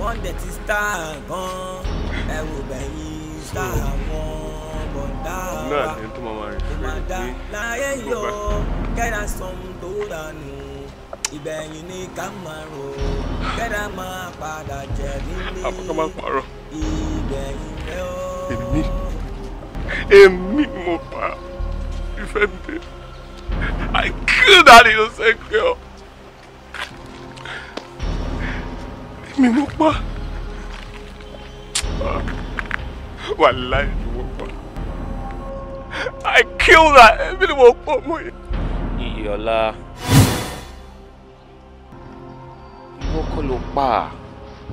wọ́n dẹ̀ ti star gan ẹ wò bẹ̀yìn star wọn bọ̀dá wa dá láyé yọ kẹ́ra sọ̀hún tó dànù ìbẹ̀yìn ní kámárò kẹ́ra máa padà jẹ̀ nílé ìbẹ̀yìn rẹ ọ́. èmi èmi mo pa ìfẹ́ mi I killed that innocent girl. mi mo pa wàláì mi mo pa I kill that mi ni mo pa ọmọ yẹn. Iyọ̀lá ìwọ kọ́ ló pa á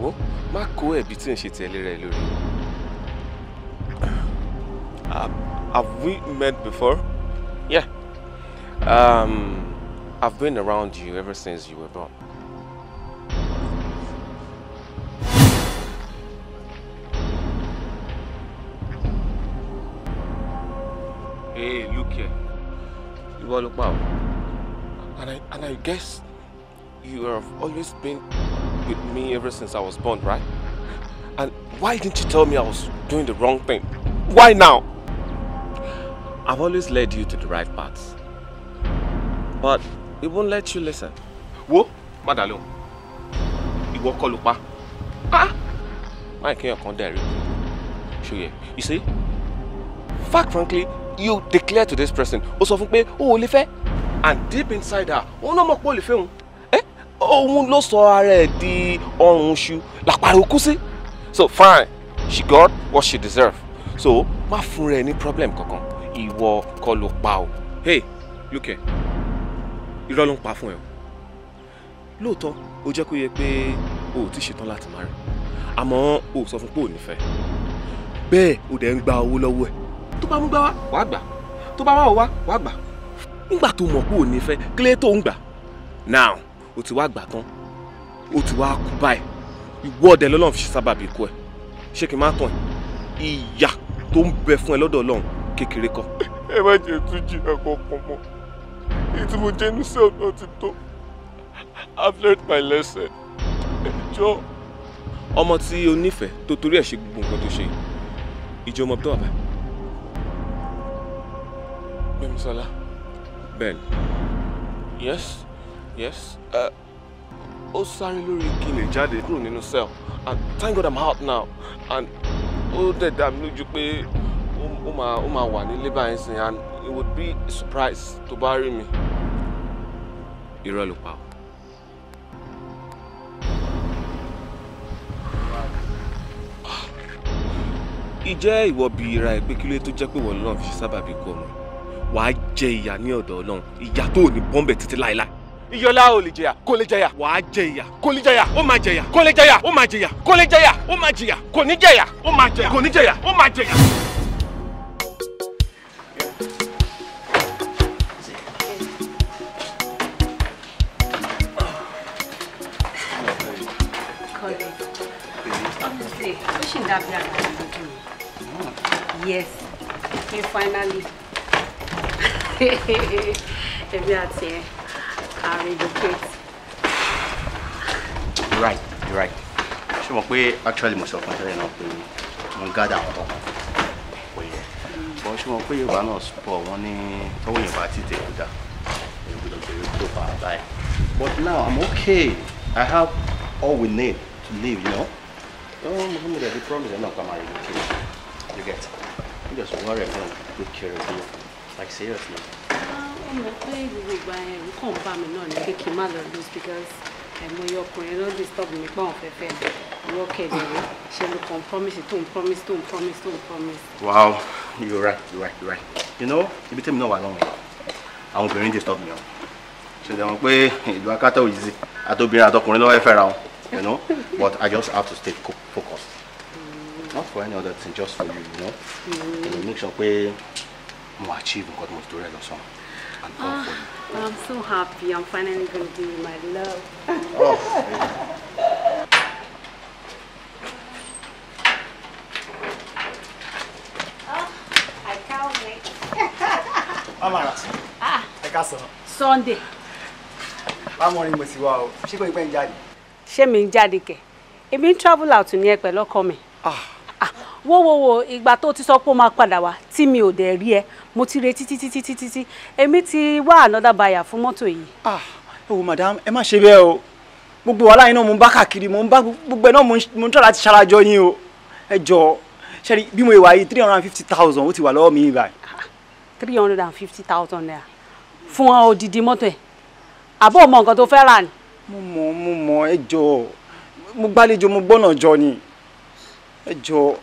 wo má kó ẹ̀bi tí n ṣe tẹ̀lé rẹ lórí. Have we met before? Yeah. Um, I've been around you ever since you were born. bọ́ ló pa o. And I and I guess you have always been with me ever since I was born, right? And why didn't you tell me I was doing the wrong thing? Why now? I've always led you to the right paths, But it won't let you listen. Wo, Madalo. You kọ́ ló pa. Ah! Mike, you're a condemned. Sure, you see? Fact frankly, you declare to this person o sọ fún pé o ò lè and deep inside her òun no mọ̀ pé o lè fẹ́ òun òun ló sọ ara di ọrùn oṣù làpàrọ̀ kú sí so fine she got what she deserved. so ma fún rẹ ní problem kankan Iwo kọ́ ló pa o hey look here irọ́ ló ń pa fún ẹ o lóòótọ́ o jẹ́ kó yẹ pé o ò tí ì ṣetán láti má o sọ fún pé o nífẹ̀ẹ́ bẹ́ẹ̀ o dẹ̀ ń gba owó lọ́wọ́ ẹ̀ bá mú gbá wá wàá gbà tó bá wà wá wàá gbà nígbà tó mọ̀ pé ò ní fẹ́ kílé tó ń gbà now o ti wá gbà tán o ti wá kú báyìí ìwọ ọdẹ lọ́lọ́run fi ṣe sábàbí kú ẹ ṣé kí n má tàn ẹ ìyà tó ń bẹ fún ẹ lọ́dọ̀ Ọlọ́run kékeré kan. ẹ má jẹ́ ìtújì ẹ̀kọ́ kan mọ́ èyí tí mo jẹ́ inú sẹ́ọ̀ náà ti tó I've learned my lesson ẹjọ́. ọmọ tí o nífẹ̀ẹ́ tó torí ẹ̀ ṣe gbogbo nǹkan tó ṣe ìjọ ọmọ tó wà báyìí. Gbémisọ́lá. Bẹ́ẹ̀ni. Yes, yes. Uh, ó sáré lórí kí n lè jáde kúrò nínú cell and thank God I'm out now and ó dẹ̀ dá mi lójú pé ó one in Liban, and it would be a surprise to bury me. mi. Irọ́ ló pa o. Ìjẹ́ ìwọ bi ra ẹ̀ pé kí ló tó jẹ́ pé wàá jẹ ìyà ní ọ̀dọ̀ ọlọ́run ìyà tó ní bọ́m̀bẹ̀ títí láéláé. iyọlá ò lè jẹyà kó lè jẹyà. wàá jẹ ìyà kó lè jẹyà ó máa jẹyà kó lè jẹyà ó máa jẹyà kó lè jẹyà ó máa jẹyà kò ní jẹyà ó máa jẹyà kò ní jẹyà ó máa jẹyà. Yes, you finally èmi àti ẹ you're right you're right ṣé mo pé actually mo sọ fún tẹ́lẹ̀ náà pé mo ń gádà àwọn ọkọ̀ pé bọ́n ṣé mo pé yorùbá náà pọ̀ wọ́n ní tọ́wọ́ yorùbá ti tẹ̀ kúdà èmi ló tó fà báyìí but now i'm okay i have all we need to live you know. Oh, mo fún mi dẹ̀ di promise ẹ̀ náà pa máa relocate you get. mo just worry about good care of you like seriously. I'm pé gbogbo ìgbà ẹ̀rù kàn bá mi náà ní pé kí n má lọ lose because àìmọye eh, ọkùnrin ló disturb mi pé àwọn fẹ́fẹ́ mi Okay. kẹ̀dẹ̀rẹ́ ṣe ló kàn promise tó promise tó promise tó promise. wow you're right you're right you're right you know you I ibi tẹ́mi náà wà lọ́wọ́ àwọn obìnrin disturb mi o ṣe dẹ̀ wọ́n pé ìlú akátá òyìnbí àtobìnrin àtọkùnrin lọ́wọ́ ẹ fẹ́ra wọn you know but i just have to stay focused mm. not for any other thing just for you you know mm. make sure pé. Pe mo achieve nǹkan tí mo torí ẹ̀ lọ sọ and God I'm so happy I'm finally gonna be my love. oh, I can't wait. Amara, ẹ ah. ká e sọ. Sunday. Báwo morning, mo Wow. wá going to be in Jadi. ń jáde? Ṣé mi ń jáde kẹ̀? Èmi ń out to ní ẹ pẹ̀lú ọkọ mi. Ah wo wo wo ìgbà tó ti sọ pé ó máa padà wá tí mi ò dẹ̀ rí ẹ mo ti retí títí títí títí èmi ti wá another buyer fún mọ́tò yìí. ah ẹ wo madam ẹ má ṣe bẹ́ẹ̀ o gbogbo wàhálà yín náà mo ń bá káàkiri mo ń bá gbogbo ẹ mo ń tọ́ láti ṣarajọ yín o ẹ jọ ṣẹ́ni bí mo ìwà yìí three hundred fifty thousand ó ti wà lọ́wọ́ mi báyìí. Ah, three hundred fifty thousand naira fún ọ odidi mọ́tò e abo mọ nǹkan tó fẹ́ rà ni. mo mọ mo mọ ẹ mo gbàlejò mo gbọ́nà jọ ni ẹ jọ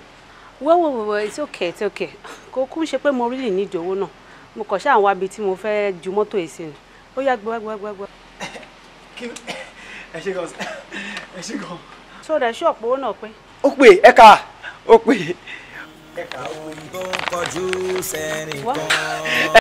well well well it's okay it's okay kò kún ṣe pé mo really need owó náà mo kàn ṣáà wá ibi tí mo fẹ́ ju mọ́tò yìí sí ni ó yá gbọ́ gbọ́ gbọ́ gbọ́. ẹ ṣe gan ẹ ṣe gan. so rẹ̀ ṣé ọ̀pọ̀ owó náà pé. ó pè é ká ó pè é. ẹ̀ka òyìnbó kọjú sẹ́nìkan.